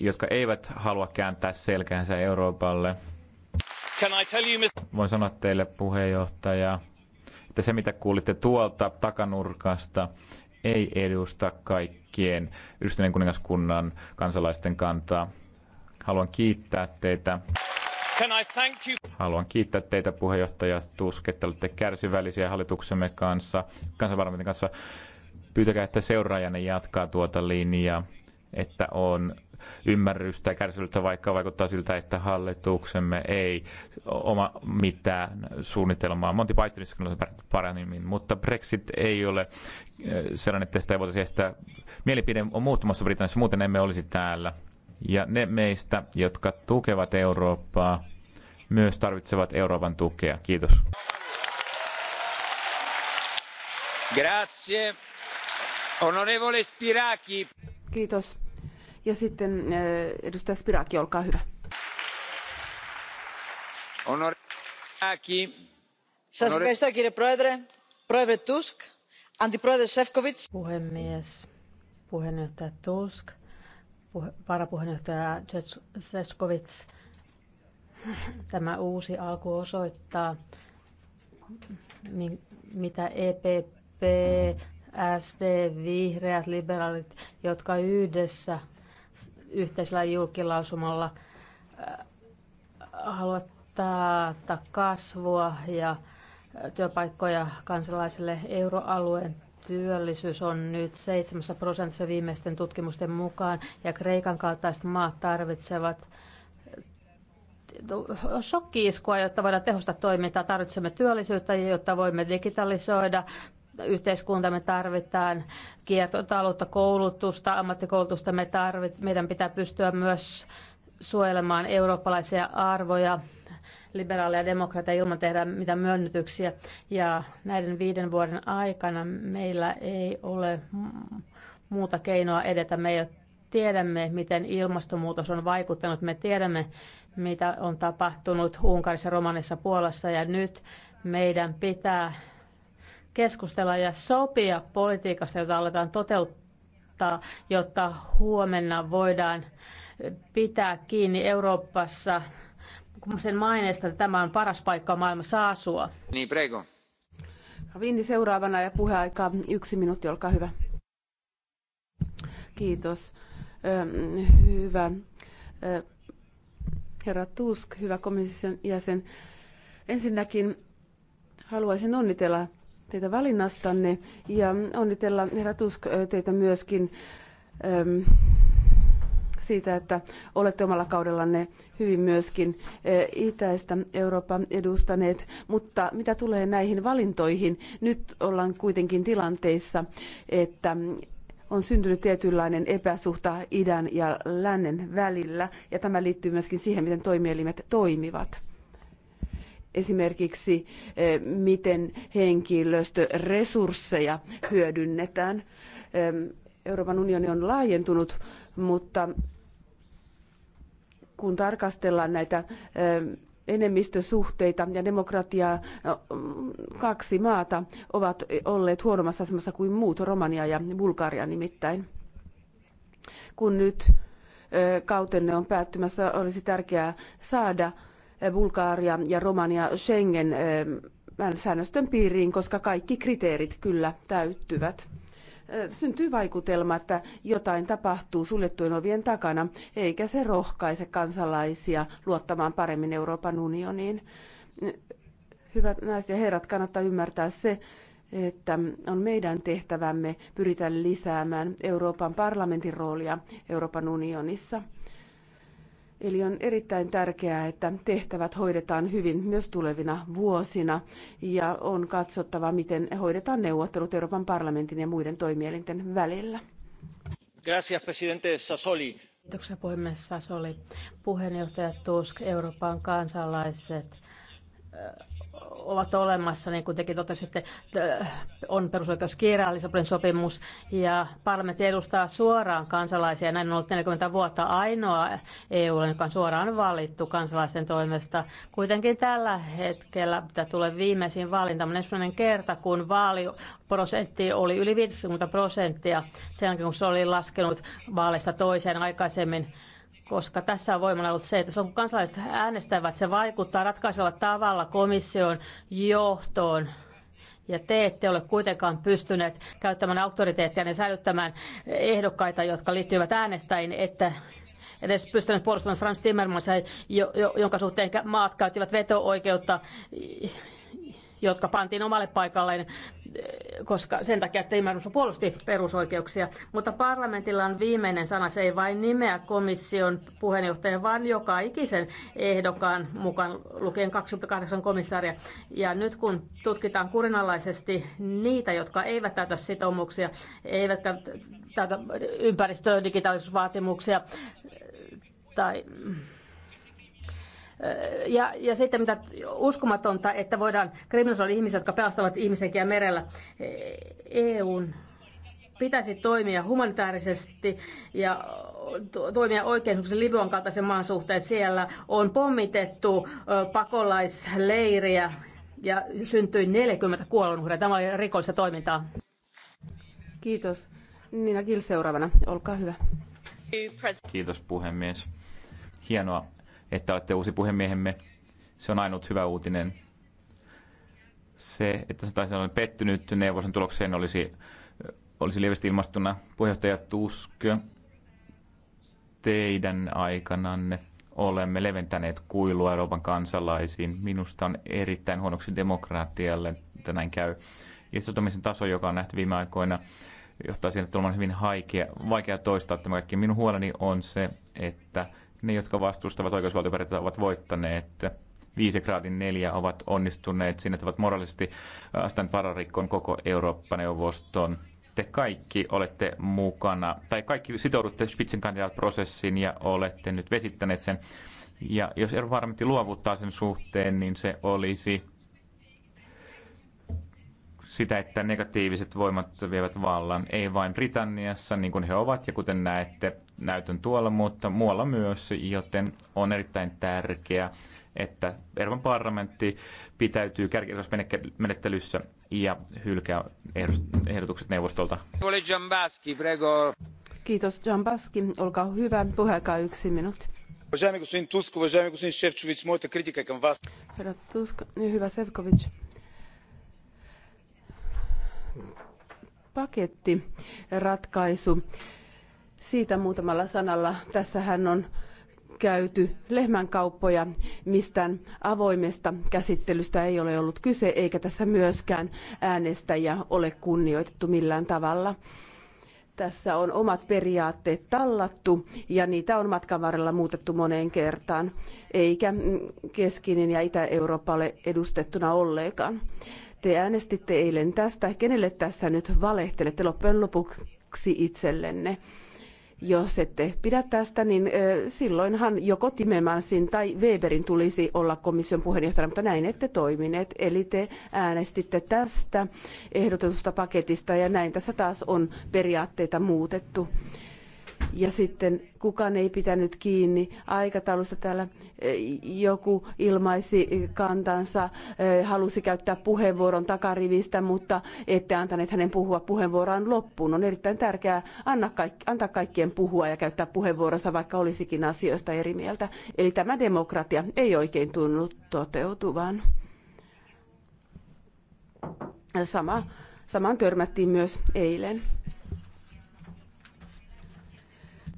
jotka eivät halua kääntää selkäänsä Euroopalle. Can I tell you, Mr. Voin sanoa teille puheenjohtaja, että se mitä kuulitte tuolta takanurkasta ei edusta kaikkien yhdistyneen kuningaskunnan kansalaisten kantaa. Haluan kiittää teitä. Haluan kiittää teitä puheenjohtaja Tusk, että olette kärsivällisiä hallituksemme kanssa, kansanparlamentin kanssa. Pyytäkää, että seuraajanne jatkaa tuota linjaa, että on ymmärrystä ja kärsivällisyyttä, vaikka vaikuttaa siltä, että hallituksemme ei oma mitään suunnitelmaa. Monty Pythonissa on paremmin, mutta Brexit ei ole eh, sellainen, että sitä ei voitaisiin estää. Mielipide on muuttumassa Britannissa, muuten emme olisi täällä. Ja ne meistä, jotka tukevat Eurooppaa, myös tarvitsevat Euroopan tukea. Kiitos. Grazie. Onorevole Spiraki. Kiitos. Ja sitten eh, edustaja Spiraki, olkaa hyvä. Onorevole Spiraki. Puhemies, puheenjohtaja Tusk, puhe, varapuheenjohtaja Seskovits Tämä uusi alku osoittaa, mitä EPP, SD, vihreät, liberaalit, jotka yhdessä yhteisellä julkilausumalla äh, haluavat taata kasvua ja äh, työpaikkoja kansalaisille. Euroalueen työllisyys on nyt 7 prosentissa viimeisten tutkimusten mukaan ja Kreikan kaltaiset maat tarvitsevat shokkiiskua, jotta voidaan tehostaa toimintaa. Tarvitsemme työllisyyttä, jotta voimme digitalisoida yhteiskuntamme tarvitaan kiertotaloutta, koulutusta, ammattikoulutusta. Me tarvit, meidän pitää pystyä myös suojelemaan eurooppalaisia arvoja, liberaaleja demokratia ilman tehdä mitä myönnytyksiä. Ja näiden viiden vuoden aikana meillä ei ole muuta keinoa edetä. Me tiedämme, miten ilmastonmuutos on vaikuttanut. Me tiedämme, mitä on tapahtunut Unkarissa, Romanissa, Puolassa ja nyt meidän pitää keskustella ja sopia politiikasta, jota aletaan toteuttaa, jotta huomenna voidaan pitää kiinni Euroopassa sen maineesta, että tämä on paras paikka maailmassa asua. Niin, prego. Vinni seuraavana ja puheaika yksi minuutti, olkaa hyvä. Kiitos. hyvä herra Tusk, hyvä komission jäsen. Ensinnäkin haluaisin onnitella teitä valinnastanne ja onnitella herra Tusk teitä myöskin äm, siitä, että olette omalla kaudellanne hyvin myöskin itäistä Euroopan edustaneet. Mutta mitä tulee näihin valintoihin, nyt ollaan kuitenkin tilanteissa, että on syntynyt tietynlainen epäsuhta idän ja lännen välillä, ja tämä liittyy myöskin siihen, miten toimielimet toimivat. Esimerkiksi eh, miten henkilöstöresursseja hyödynnetään. Euroopan unioni on laajentunut, mutta kun tarkastellaan näitä enemmistösuhteita ja demokratiaa. Mm, kaksi maata ovat olleet huonommassa asemassa kuin muut, Romania ja Bulgaria nimittäin. Kun nyt kautenne on päättymässä, olisi tärkeää saada Bulgaria ja Romania Schengen säännöstön piiriin, koska kaikki kriteerit kyllä täyttyvät syntyy vaikutelma, että jotain tapahtuu suljettujen ovien takana, eikä se rohkaise kansalaisia luottamaan paremmin Euroopan unioniin. Hyvät naiset ja herrat, kannattaa ymmärtää se, että on meidän tehtävämme pyritä lisäämään Euroopan parlamentin roolia Euroopan unionissa. Eli on erittäin tärkeää, että tehtävät hoidetaan hyvin myös tulevina vuosina ja on katsottava, miten hoidetaan neuvottelut Euroopan parlamentin ja muiden toimielinten välillä. Gracias, presidente Sassoli. Kiitoksia puhemies Sassoli. Puheenjohtaja Tusk, Euroopan kansalaiset ovat olemassa, niin kuin tekin totesitte, äh, on perusoikeuskirja, Lisabonin sopimus, ja parlamentti edustaa suoraan kansalaisia. Näin on ollut 40 vuotta ainoa EU, joka on suoraan valittu kansalaisten toimesta. Kuitenkin tällä hetkellä, mitä tulee viimeisiin valintaan, ensimmäinen kerta, kun vaaliprosentti oli yli 50 prosenttia, sen jälkeen kun se oli laskenut vaaleista toiseen aikaisemmin, koska tässä on voimalla ollut se, että se on, kun kansalaiset äänestävät, se vaikuttaa ratkaisella tavalla komission johtoon. Ja te ette ole kuitenkaan pystyneet käyttämään auktoriteettia ja säilyttämään ehdokkaita, jotka liittyvät äänestäjiin, että edes pystyneet puolustamaan Franz Timmermansia, jonka suhteen maat käyttivät veto-oikeutta jotka pantiin omalle paikalleen, eh, koska sen takia, että Timmermans puolusti perusoikeuksia. Mutta parlamentilla on viimeinen sana, se ei vain nimeä komission puheenjohtajan, vaan joka ikisen ehdokkaan mukaan lukien 28 komissaaria. Ja nyt kun tutkitaan kurinalaisesti niitä, jotka eivät täytä sitoumuksia, eivätkä täytä ympäristö- ja digitaalisuusvaatimuksia, tai ja, ja sitten mitä uskomatonta, että voidaan kriminalisoida ihmisiä, jotka pelastavat ihmisenkiä merellä. EUn e pitäisi toimia humanitaarisesti ja toimia oikein, kun Libyan kaltaisen maan suhteen siellä on pommitettu pakolaisleiriä ja syntyi 40 kuolonuhreja. Tämä oli rikollista toimintaa. Kiitos. Nina Gil seuraavana, olkaa hyvä. Kiitos puhemies. Hienoa, että olette uusi puhemiehemme. Se on ainut hyvä uutinen. Se, että se on pettynyt neuvoston tulokseen, olisi, olisi lievästi ilmastuna. Puheenjohtaja Tusk, teidän aikananne olemme leventäneet kuilua Euroopan kansalaisiin. Minusta on erittäin huonoksi demokratialle, että näin käy. Istutumisen taso, joka on nähty viime aikoina, johtaa siihen, että on hyvin haikea, vaikea toistaa tämä kaikki. Minun huoleni on se, että ne, jotka vastustavat oikeusvaltioperiaatetta, ovat voittaneet. 5 graadin 4 ovat onnistuneet. Sinne ovat moraalisesti astan äh, vararikkoon koko Eurooppa-neuvoston. Te kaikki olette mukana, tai kaikki sitoudutte Spitzenkandidaat-prosessiin ja olette nyt vesittäneet sen. Ja jos Euroopan parlamentti luovuttaa sen suhteen, niin se olisi sitä, että negatiiviset voimat vievät vallan, ei vain Britanniassa, niin kuin he ovat, ja kuten näette näytön tuolla, mutta muualla myös, joten on erittäin tärkeää, että Euroopan parlamentti pitäytyy kärkimenettelyssä ja hylkää ehdotukset neuvostolta. Kiitos Baski. olkaa hyvä, puhelkaa yksi minuutti. Уважаеми господин Туск, уважаеми господин Шефчович, моята критика към вас. Herra Tusk, hyvä Sefcovic, pakettiratkaisu. Siitä muutamalla sanalla. Tässähän on käyty lehmänkauppoja, mistä avoimesta käsittelystä ei ole ollut kyse, eikä tässä myöskään äänestäjiä ole kunnioitettu millään tavalla. Tässä on omat periaatteet tallattu ja niitä on matkan varrella muutettu moneen kertaan, eikä mm, keskinen ja Itä-Eurooppa ole edustettuna olleekaan. Te äänestitte eilen tästä. Kenelle tässä nyt valehtelette loppujen lopuksi itsellenne? Jos ette pidä tästä, niin silloinhan joko Timemansin tai Weberin tulisi olla komission puheenjohtajana, mutta näin ette toimineet. Eli te äänestitte tästä ehdotetusta paketista ja näin tässä taas on periaatteita muutettu. Ja sitten kukaan ei pitänyt kiinni aikataulusta. Täällä e, joku ilmaisi kantansa, e, halusi käyttää puheenvuoron takarivistä, mutta ette antaneet hänen puhua puheenvuoroaan loppuun. On erittäin tärkeää anna kaikki, antaa kaikkien puhua ja käyttää puheenvuoronsa, vaikka olisikin asioista eri mieltä. Eli tämä demokratia ei oikein tunnu toteutuvan. Sama, samaan törmättiin myös eilen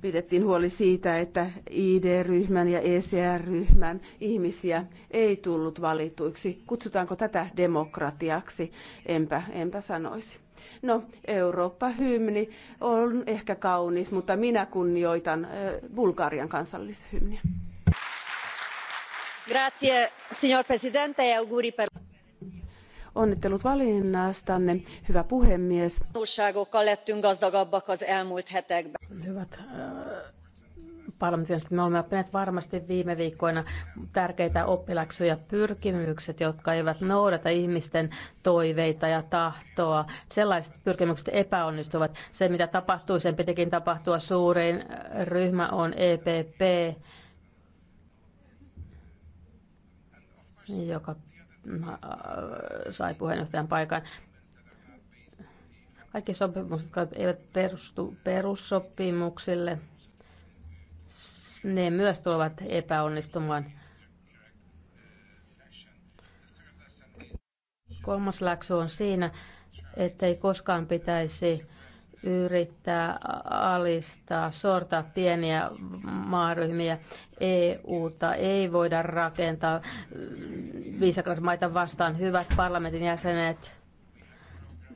pidettiin huoli siitä, että ID-ryhmän ja ECR-ryhmän ihmisiä ei tullut valituiksi. Kutsutaanko tätä demokratiaksi? Enpä, enpä sanoisi. No, Eurooppa-hymni on ehkä kaunis, mutta minä kunnioitan Bulgarian kansallishymniä. Grazie, signor Presidente, e auguri per... Onnittelut valinnastanne, hyvä puhemies. Hyvät parlamentin, parlamentista. Me olemme oppineet varmasti viime viikkoina tärkeitä oppiläksyjä pyrkimykset, jotka eivät noudata ihmisten toiveita ja tahtoa. Sellaiset pyrkimykset epäonnistuvat. Se, mitä tapahtuu, sen pitikin tapahtua. Suurin ryhmä on EPP, joka Mm, sai puheenjohtajan paikan. Kaikki sopimukset eivät perustu perussopimuksille. Ne myös tulevat epäonnistumaan. Kolmas läksy on siinä, että ei koskaan pitäisi yrittää alistaa, sortaa pieniä maaryhmiä. EUta ei voida rakentaa viisakasmaita vastaan. Hyvät parlamentin jäsenet,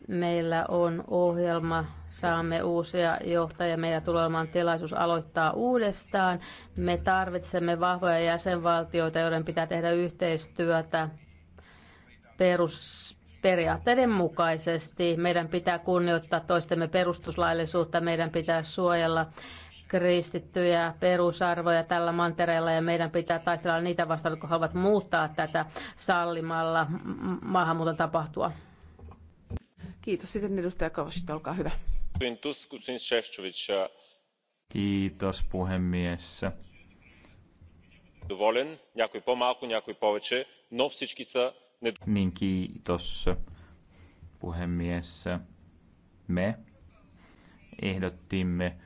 meillä on ohjelma, saamme uusia johtajia, meillä tulee olemaan tilaisuus aloittaa uudestaan. Me tarvitsemme vahvoja jäsenvaltioita, joiden pitää tehdä yhteistyötä perus, periaatteiden mukaisesti. Meidän pitää kunnioittaa toistemme perustuslaillisuutta, meidän pitää suojella kristittyjä perusarvoja tällä mantereella ja meidän pitää taistella niitä vastaan, jotka haluavat muuttaa tätä sallimalla maahanmuuton tapahtua. Kiitos. Sitten edustaja Kavasit, olkaa hyvä. Kiitos puhemies. Доволен, някой по-малко, някой повече, но всички са niin kiitos, puhemies. Me ehdottimme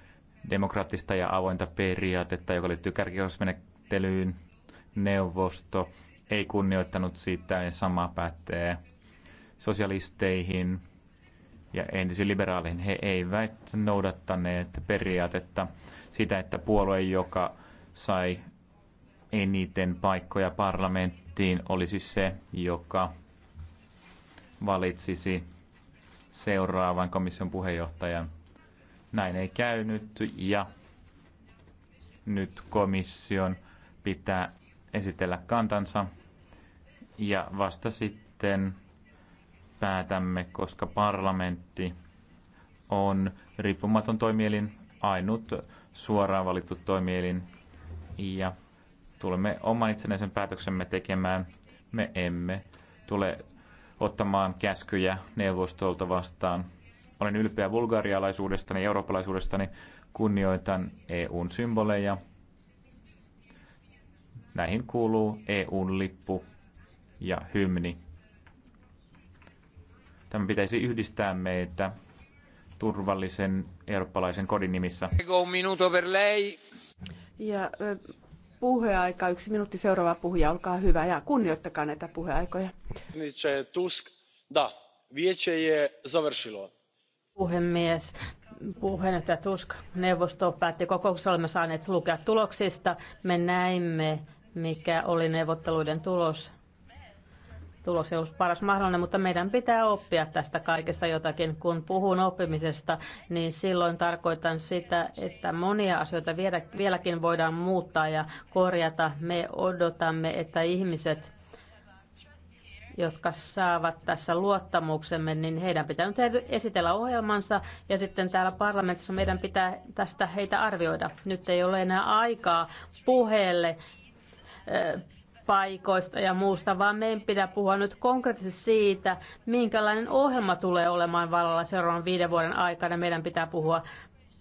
demokraattista ja avointa periaatetta, joka liittyy kärkikirjoitusmenettelyyn. Neuvosto ei kunnioittanut sitä ja sama pätee sosialisteihin ja entisiin liberaaleihin. He eivät noudattaneet periaatetta sitä, että puolue, joka sai eniten paikkoja parlamenttiin, parlamenttiin olisi se, joka valitsisi seuraavan komission puheenjohtajan. Näin ei käynyt ja nyt komission pitää esitellä kantansa ja vasta sitten päätämme, koska parlamentti on riippumaton toimielin, ainut suoraan valittu toimielin ja tulemme oman itsenäisen päätöksemme tekemään. Me emme tule ottamaan käskyjä neuvostolta vastaan. Olen ylpeä bulgarialaisuudestani, eurooppalaisuudestani, kunnioitan EUn symboleja. Näihin kuuluu EUn lippu ja hymni. Tämä pitäisi yhdistää meitä turvallisen eurooppalaisen kodin nimissä. Ja puheaika. Yksi minuutti seuraava puhuja, olkaa hyvä ja kunnioittakaa näitä puheaikoja. Tusk, da, viece je završilo. Puhemies, puheenjohtaja Tusk, neuvosto päätti kokouksessa, olemme saaneet lukea tuloksista. Me näimme, mikä oli neuvotteluiden tulos tulos ei ollut paras mahdollinen, mutta meidän pitää oppia tästä kaikesta jotakin. Kun puhun oppimisesta, niin silloin tarkoitan sitä, että monia asioita vieläkin voidaan muuttaa ja korjata. Me odotamme, että ihmiset jotka saavat tässä luottamuksemme, niin heidän pitää nyt esitellä ohjelmansa ja sitten täällä parlamentissa meidän pitää tästä heitä arvioida. Nyt ei ole enää aikaa puheelle paikoista ja muusta, vaan meidän pitää puhua nyt konkreettisesti siitä, minkälainen ohjelma tulee olemaan vallalla seuraavan viiden vuoden aikana. Meidän pitää puhua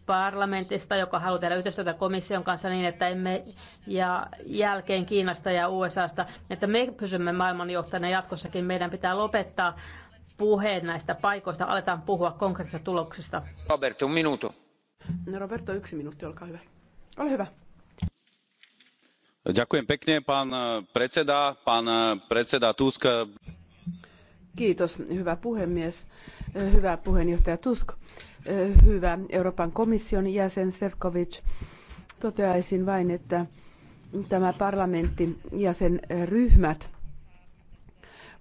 parlamentista, joka haluaa tehdä yhteistyötä komission kanssa niin, että emme ja jälkeen Kiinasta ja USAsta, että me pysymme maailmanjohtajana jatkossakin. Meidän pitää lopettaa puheen näistä paikoista, aletaan puhua konkreettisista tuloksista. Roberto, No Roberto, yksi minuutti, olkaa hyvä. Ole hyvä pán eh, eh, eh, Kiitos, hyvä puhemies, hyvä puheenjohtaja Tusk, hyvä Euroopan komission jäsen efovi Toteaisin vain, että tämä parlamentti ja sen ryhmät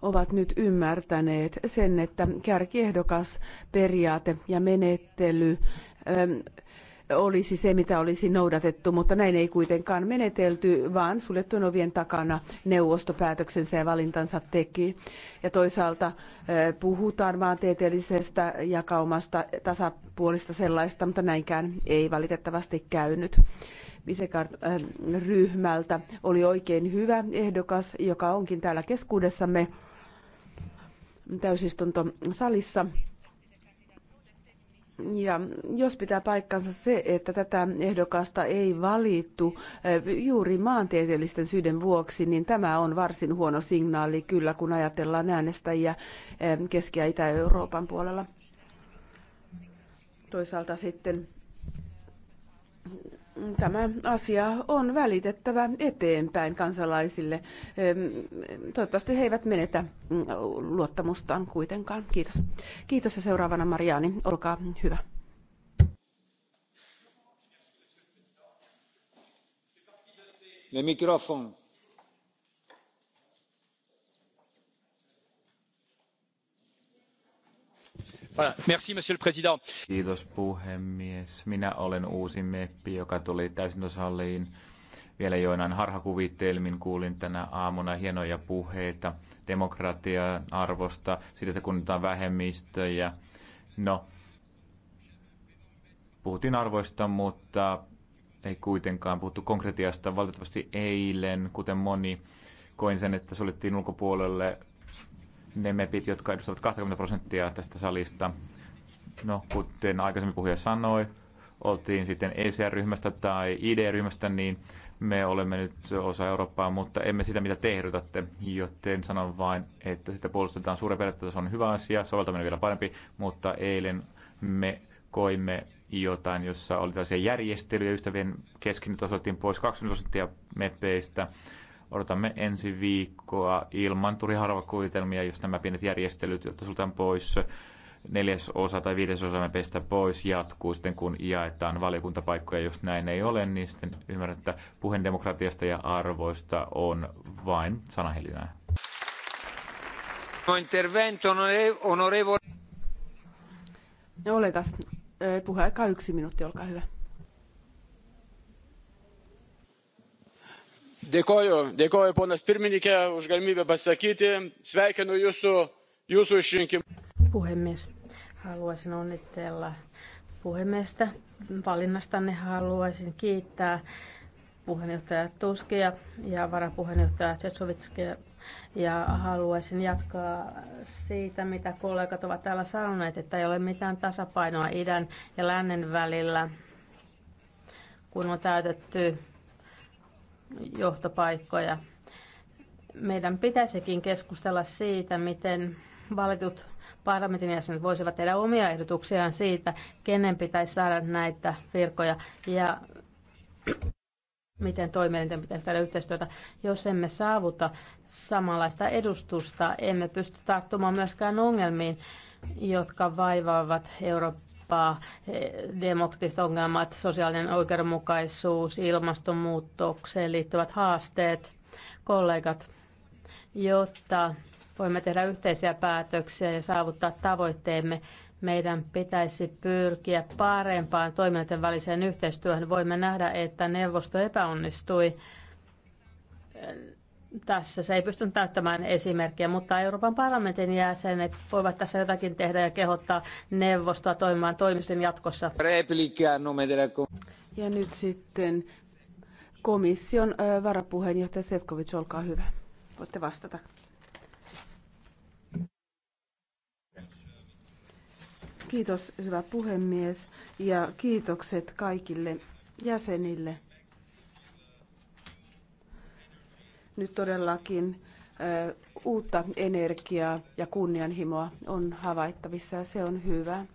ovat nyt ymmärtäneet sen, että kärkiehdokasperiaate periaate ja menettely olisi se, mitä olisi noudatettu, mutta näin ei kuitenkaan menetelty, vaan suljettujen ovien takana neuvosto päätöksensä ja valintansa teki. Ja toisaalta eh, puhutaan maantieteellisestä jakaumasta tasapuolista sellaista, mutta näinkään ei valitettavasti käynyt. Visegrad-ryhmältä eh, oli oikein hyvä ehdokas, joka onkin täällä keskuudessamme täysistuntosalissa. salissa ja jos pitää paikkansa se, että tätä ehdokasta ei valittu eh, juuri maantieteellisten syiden vuoksi, niin tämä on varsin huono signaali kyllä, kun ajatellaan äänestäjiä eh, Keski- ja Itä-Euroopan puolella. Toisaalta sitten tämä asia on välitettävä eteenpäin kansalaisille. Toivottavasti he eivät menetä mm, luottamustaan kuitenkaan. Kiitos. Kiitos ja seuraavana Mariani, olkaa hyvä. Le microphone. Monsieur le Président. Kiitos puhemies. Minä olen uusi meppi, joka tuli täysintosaliin. Vielä joinain harhakuvitelmin kuulin tänä aamuna hienoja puheita demokratian arvosta, siitä, että kunnitaan vähemmistöjä. No, puhuttiin arvoista, mutta ei kuitenkaan puhuttu konkretiasta. Valitettavasti eilen, kuten moni, koin sen, että suljettiin ulkopuolelle ne mepit, jotka edustavat 20 prosenttia tästä salista. No, kuten aikaisemmin puhuja sanoi, oltiin sitten ECR-ryhmästä tai ID-ryhmästä, e niin me olemme nyt osa Eurooppaa, mutta emme sitä, mitä te ehdotatte, joten sanon vain, että sitä puolustetaan suuren periaatteessa, se on hyvä asia, soveltaminen vielä parempi, mutta eilen me koimme jotain, jossa oli tällaisia järjestelyjä ystävien kesken, nyt osoittiin pois 20 prosenttia meppeistä Odotamme ensi viikkoa ilman turiharvakuvitelmia, jos nämä pienet järjestelyt, jotta sultaan pois neljäsosa tai viidesosa me pestä pois jatkuu sitten, kun jaetaan valiokuntapaikkoja. Jos näin ei ole, niin sitten ymmärrän, että puheen demokratiasta ja arvoista on vain sanahelinää. Intervento no onorevole. No, Olekas, eh, puheaika yksi minuutti, olkaa hyvä. dėkoju ponas pirmininke už galimybę pasisakyti sveikinu jus su jūsų išrinkimu. puhemies haluaisin onnitella puhemiestä valinnastanne haluaisin kiittää puheenjohtaja Tuskia ja varapuheenjohtaja Tsetsovitskia ja haluaisin jatkaa siitä, mitä kollegat ovat täällä sanoneet, että ei ole mitään tasapainoa idän ja lännen välillä, kun on täytetty johtopaikkoja. Meidän pitäisikin keskustella siitä, miten valitut parlamentin jäsenet voisivat tehdä omia ehdotuksiaan siitä, kenen pitäisi saada näitä virkoja ja miten toimielinten pitäisi tehdä yhteistyötä. Jos emme saavuta samanlaista edustusta, emme pysty tarttumaan myöskään ongelmiin, jotka vaivaavat Euroopan tapaa eh, demokraattiset ongelmat, sosiaalinen oikeudenmukaisuus, ilmastonmuutokseen liittyvät haasteet. Kollegat, jotta voimme tehdä yhteisiä päätöksiä ja saavuttaa tavoitteemme, meidän pitäisi pyrkiä parempaan toimijoiden väliseen yhteistyöhön. Voimme nähdä, että neuvosto epäonnistui tässä se ei pystynyt täyttämään esimerkkiä, mutta Euroopan parlamentin jäsenet voivat tässä jotakin tehdä ja kehottaa neuvostoa toimimaan toimisten jatkossa. Ja nyt sitten komission varapuheenjohtaja Sefkovic, olkaa hyvä. Voitte vastata. Kiitos, hyvä puhemies, ja kiitokset kaikille jäsenille. nyt todellakin uutta energiaa ja kunnianhimoa on havaittavissa ja se on hyvä.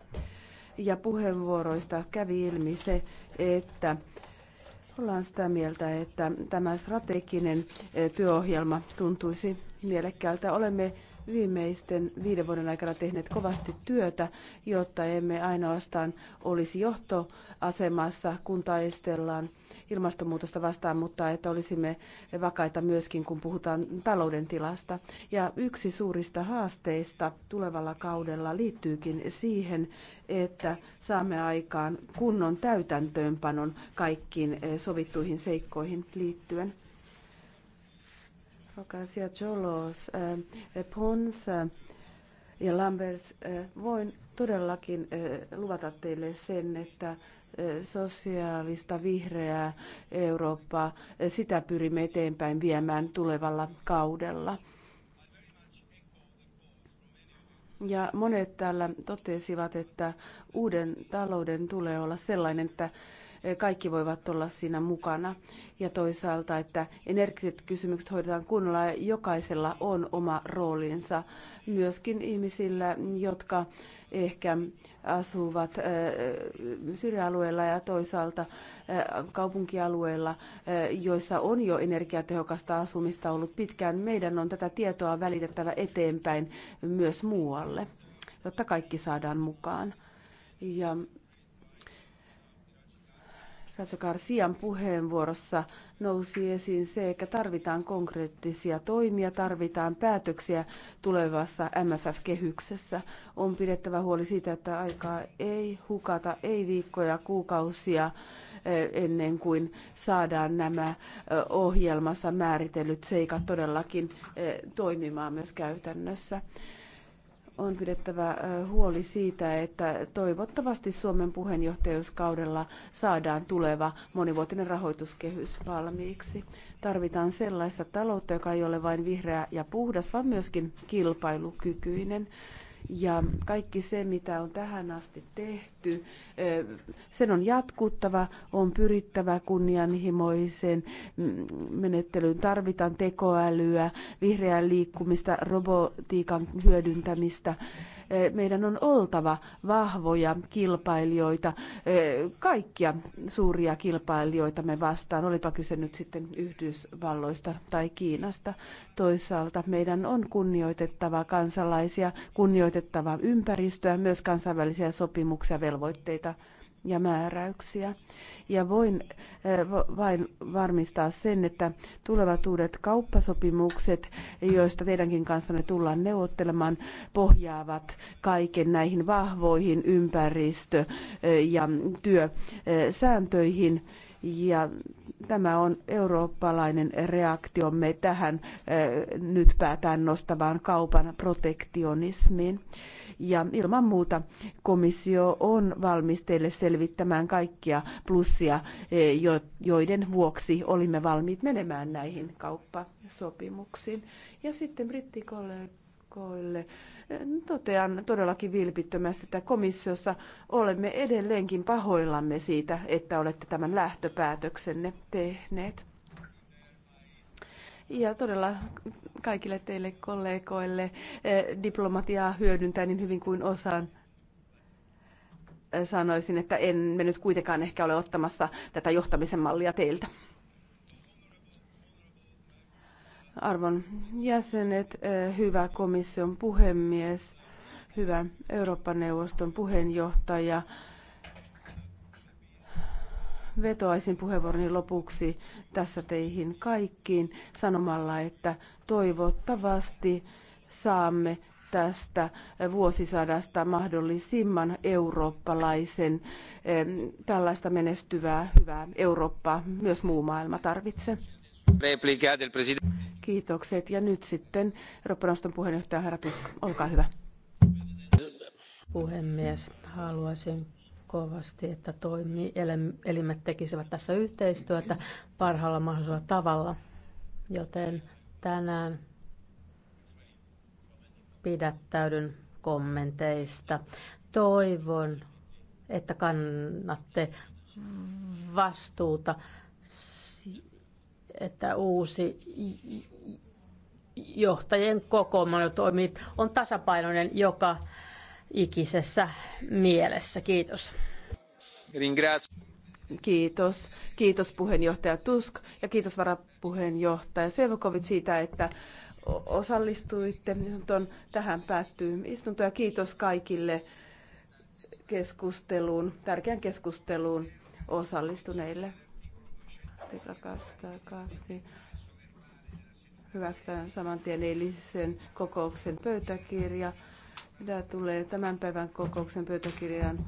Ja puheenvuoroista kävi ilmi se, että ollaan sitä mieltä, että tämä strateginen työohjelma tuntuisi mielekkäältä. Olemme viimeisten viiden vuoden aikana tehneet kovasti työtä, jotta emme ainoastaan olisi johtoasemassa, kun taistellaan ilmastonmuutosta vastaan, mutta että olisimme vakaita myöskin, kun puhutaan talouden tilasta. Ja yksi suurista haasteista tulevalla kaudella liittyykin siihen, että saamme aikaan kunnon täytäntöönpanon kaikkiin eh, sovittuihin seikkoihin liittyen. Rokasia Cholos, eh, eh, Pons eh, ja Lambers, voin todellakin luvata teille sen, että sosiaalista vihreää Eurooppaa, sitä pyrimme eteenpäin viemään tulevalla kaudella. Ja monet täällä totesivat, että uuden talouden tulee olla sellainen, että kaikki voivat olla siinä mukana. Ja toisaalta, että energiset kysymykset hoidetaan kunnolla ja jokaisella on oma roolinsa. Myöskin ihmisillä, jotka ehkä asuvat äh, syrjäalueilla ja toisaalta äh, kaupunkialueilla, äh, joissa on jo energiatehokasta asumista ollut pitkään. Meidän on tätä tietoa välitettävä eteenpäin myös muualle, jotta kaikki saadaan mukaan. Ja Razo Garcian puheenvuorossa nousi esiin se, että tarvitaan konkreettisia toimia, tarvitaan päätöksiä tulevassa MFF-kehyksessä. On pidettävä huoli siitä, että aikaa ei hukata, ei viikkoja, kuukausia eh, ennen kuin saadaan nämä eh, ohjelmassa määritellyt seikat todellakin eh, toimimaan myös käytännössä on pidettävä huoli siitä, että toivottavasti Suomen puheenjohtajuuskaudella saadaan tuleva monivuotinen rahoituskehys valmiiksi. Tarvitaan sellaista taloutta, joka ei ole vain vihreä ja puhdas, vaan myöskin kilpailukykyinen ja kaikki se, mitä on tähän asti tehty, sen on jatkuttava, on pyrittävä kunnianhimoiseen mm, menettelyyn. Tarvitaan tekoälyä, vihreää liikkumista, robotiikan hyödyntämistä Eh, meidän on oltava vahvoja kilpailijoita, eh, kaikkia suuria kilpailijoita me vastaan, olipa kyse nyt sitten Yhdysvalloista tai Kiinasta. Toisaalta meidän on kunnioitettava kansalaisia, kunnioitettava ympäristöä, myös kansainvälisiä sopimuksia, velvoitteita ja määräyksiä. Ja voin eh, vain varmistaa sen, että tulevat uudet kauppasopimukset, joista teidänkin kanssanne tullaan neuvottelemaan, pohjaavat kaiken näihin vahvoihin ympäristö- eh, ja työsääntöihin. Eh, ja tämä on eurooppalainen reaktiomme tähän nyt päätään nostavaan kaupan protektionismiin ja ilman muuta komissio on valmis teille selvittämään kaikkia plussia, e, joiden vuoksi olimme valmiit menemään näihin kauppasopimuksiin. Ja sitten brittikollegoille e, totean todellakin vilpittömästi, että komissiossa olemme edelleenkin pahoillamme siitä, että olette tämän lähtöpäätöksenne tehneet. Ja todella kaikille teille kollegoille eh, diplomatiaa hyödyntää niin hyvin kuin osaan eh, sanoisin, että en me nyt kuitenkaan ehkä ole ottamassa tätä johtamisen mallia teiltä. Arvon jäsenet, eh, hyvä komission puhemies, hyvä Eurooppa-neuvoston puheenjohtaja, vetoaisin puheenvuoroni lopuksi tässä teihin kaikkiin sanomalla, että toivottavasti saamme tästä vuosisadasta mahdollisimman eurooppalaisen tällaista menestyvää, hyvää Eurooppaa myös muu maailma tarvitsee. Kiitokset. Ja nyt sitten Eurooppa-neuvoston puheenjohtaja Herra Tusk, olkaa hyvä. Puhemies, haluaisin kovasti, että toimielimet tekisivät tässä yhteistyötä parhaalla mahdollisella tavalla. Joten tänään pidättäydyn kommenteista. Toivon, että kannatte vastuuta, että uusi johtajien kokoonpano toimii, on tasapainoinen, joka ikisessä mielessä. Kiitos. Kiitos. Kiitos puheenjohtaja Tusk ja kiitos varapuheenjohtaja Sevokovit siitä, että osallistuitte. Tähän päättyy istunto ja kiitos kaikille keskusteluun, tärkeän keskusteluun osallistuneille. Artikla hyväksytään saman tien eilisen kokouksen pöytäkirja. Mitä tulee tämän päivän kokouksen pöytäkirjaan,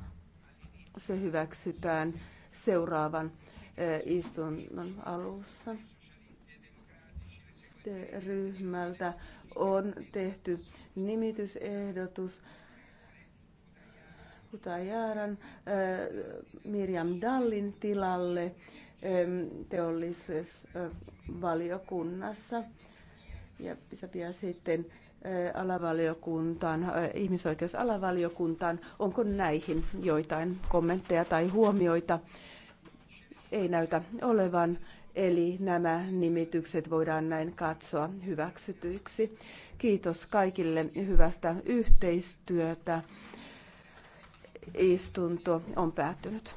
se hyväksytään seuraavan eh, istunnon alussa. Ryhmältä on tehty nimitysehdotus. Kutajaaran eh, Mirjam Dallin tilalle teollisuusvaliokunnassa. Ja se sitten alavaliokuntaan, ihmisoikeusalavaliokuntaan. Onko näihin joitain kommentteja tai huomioita? Ei näytä olevan, eli nämä nimitykset voidaan näin katsoa hyväksytyiksi. Kiitos kaikille hyvästä yhteistyötä. Istunto on päättynyt.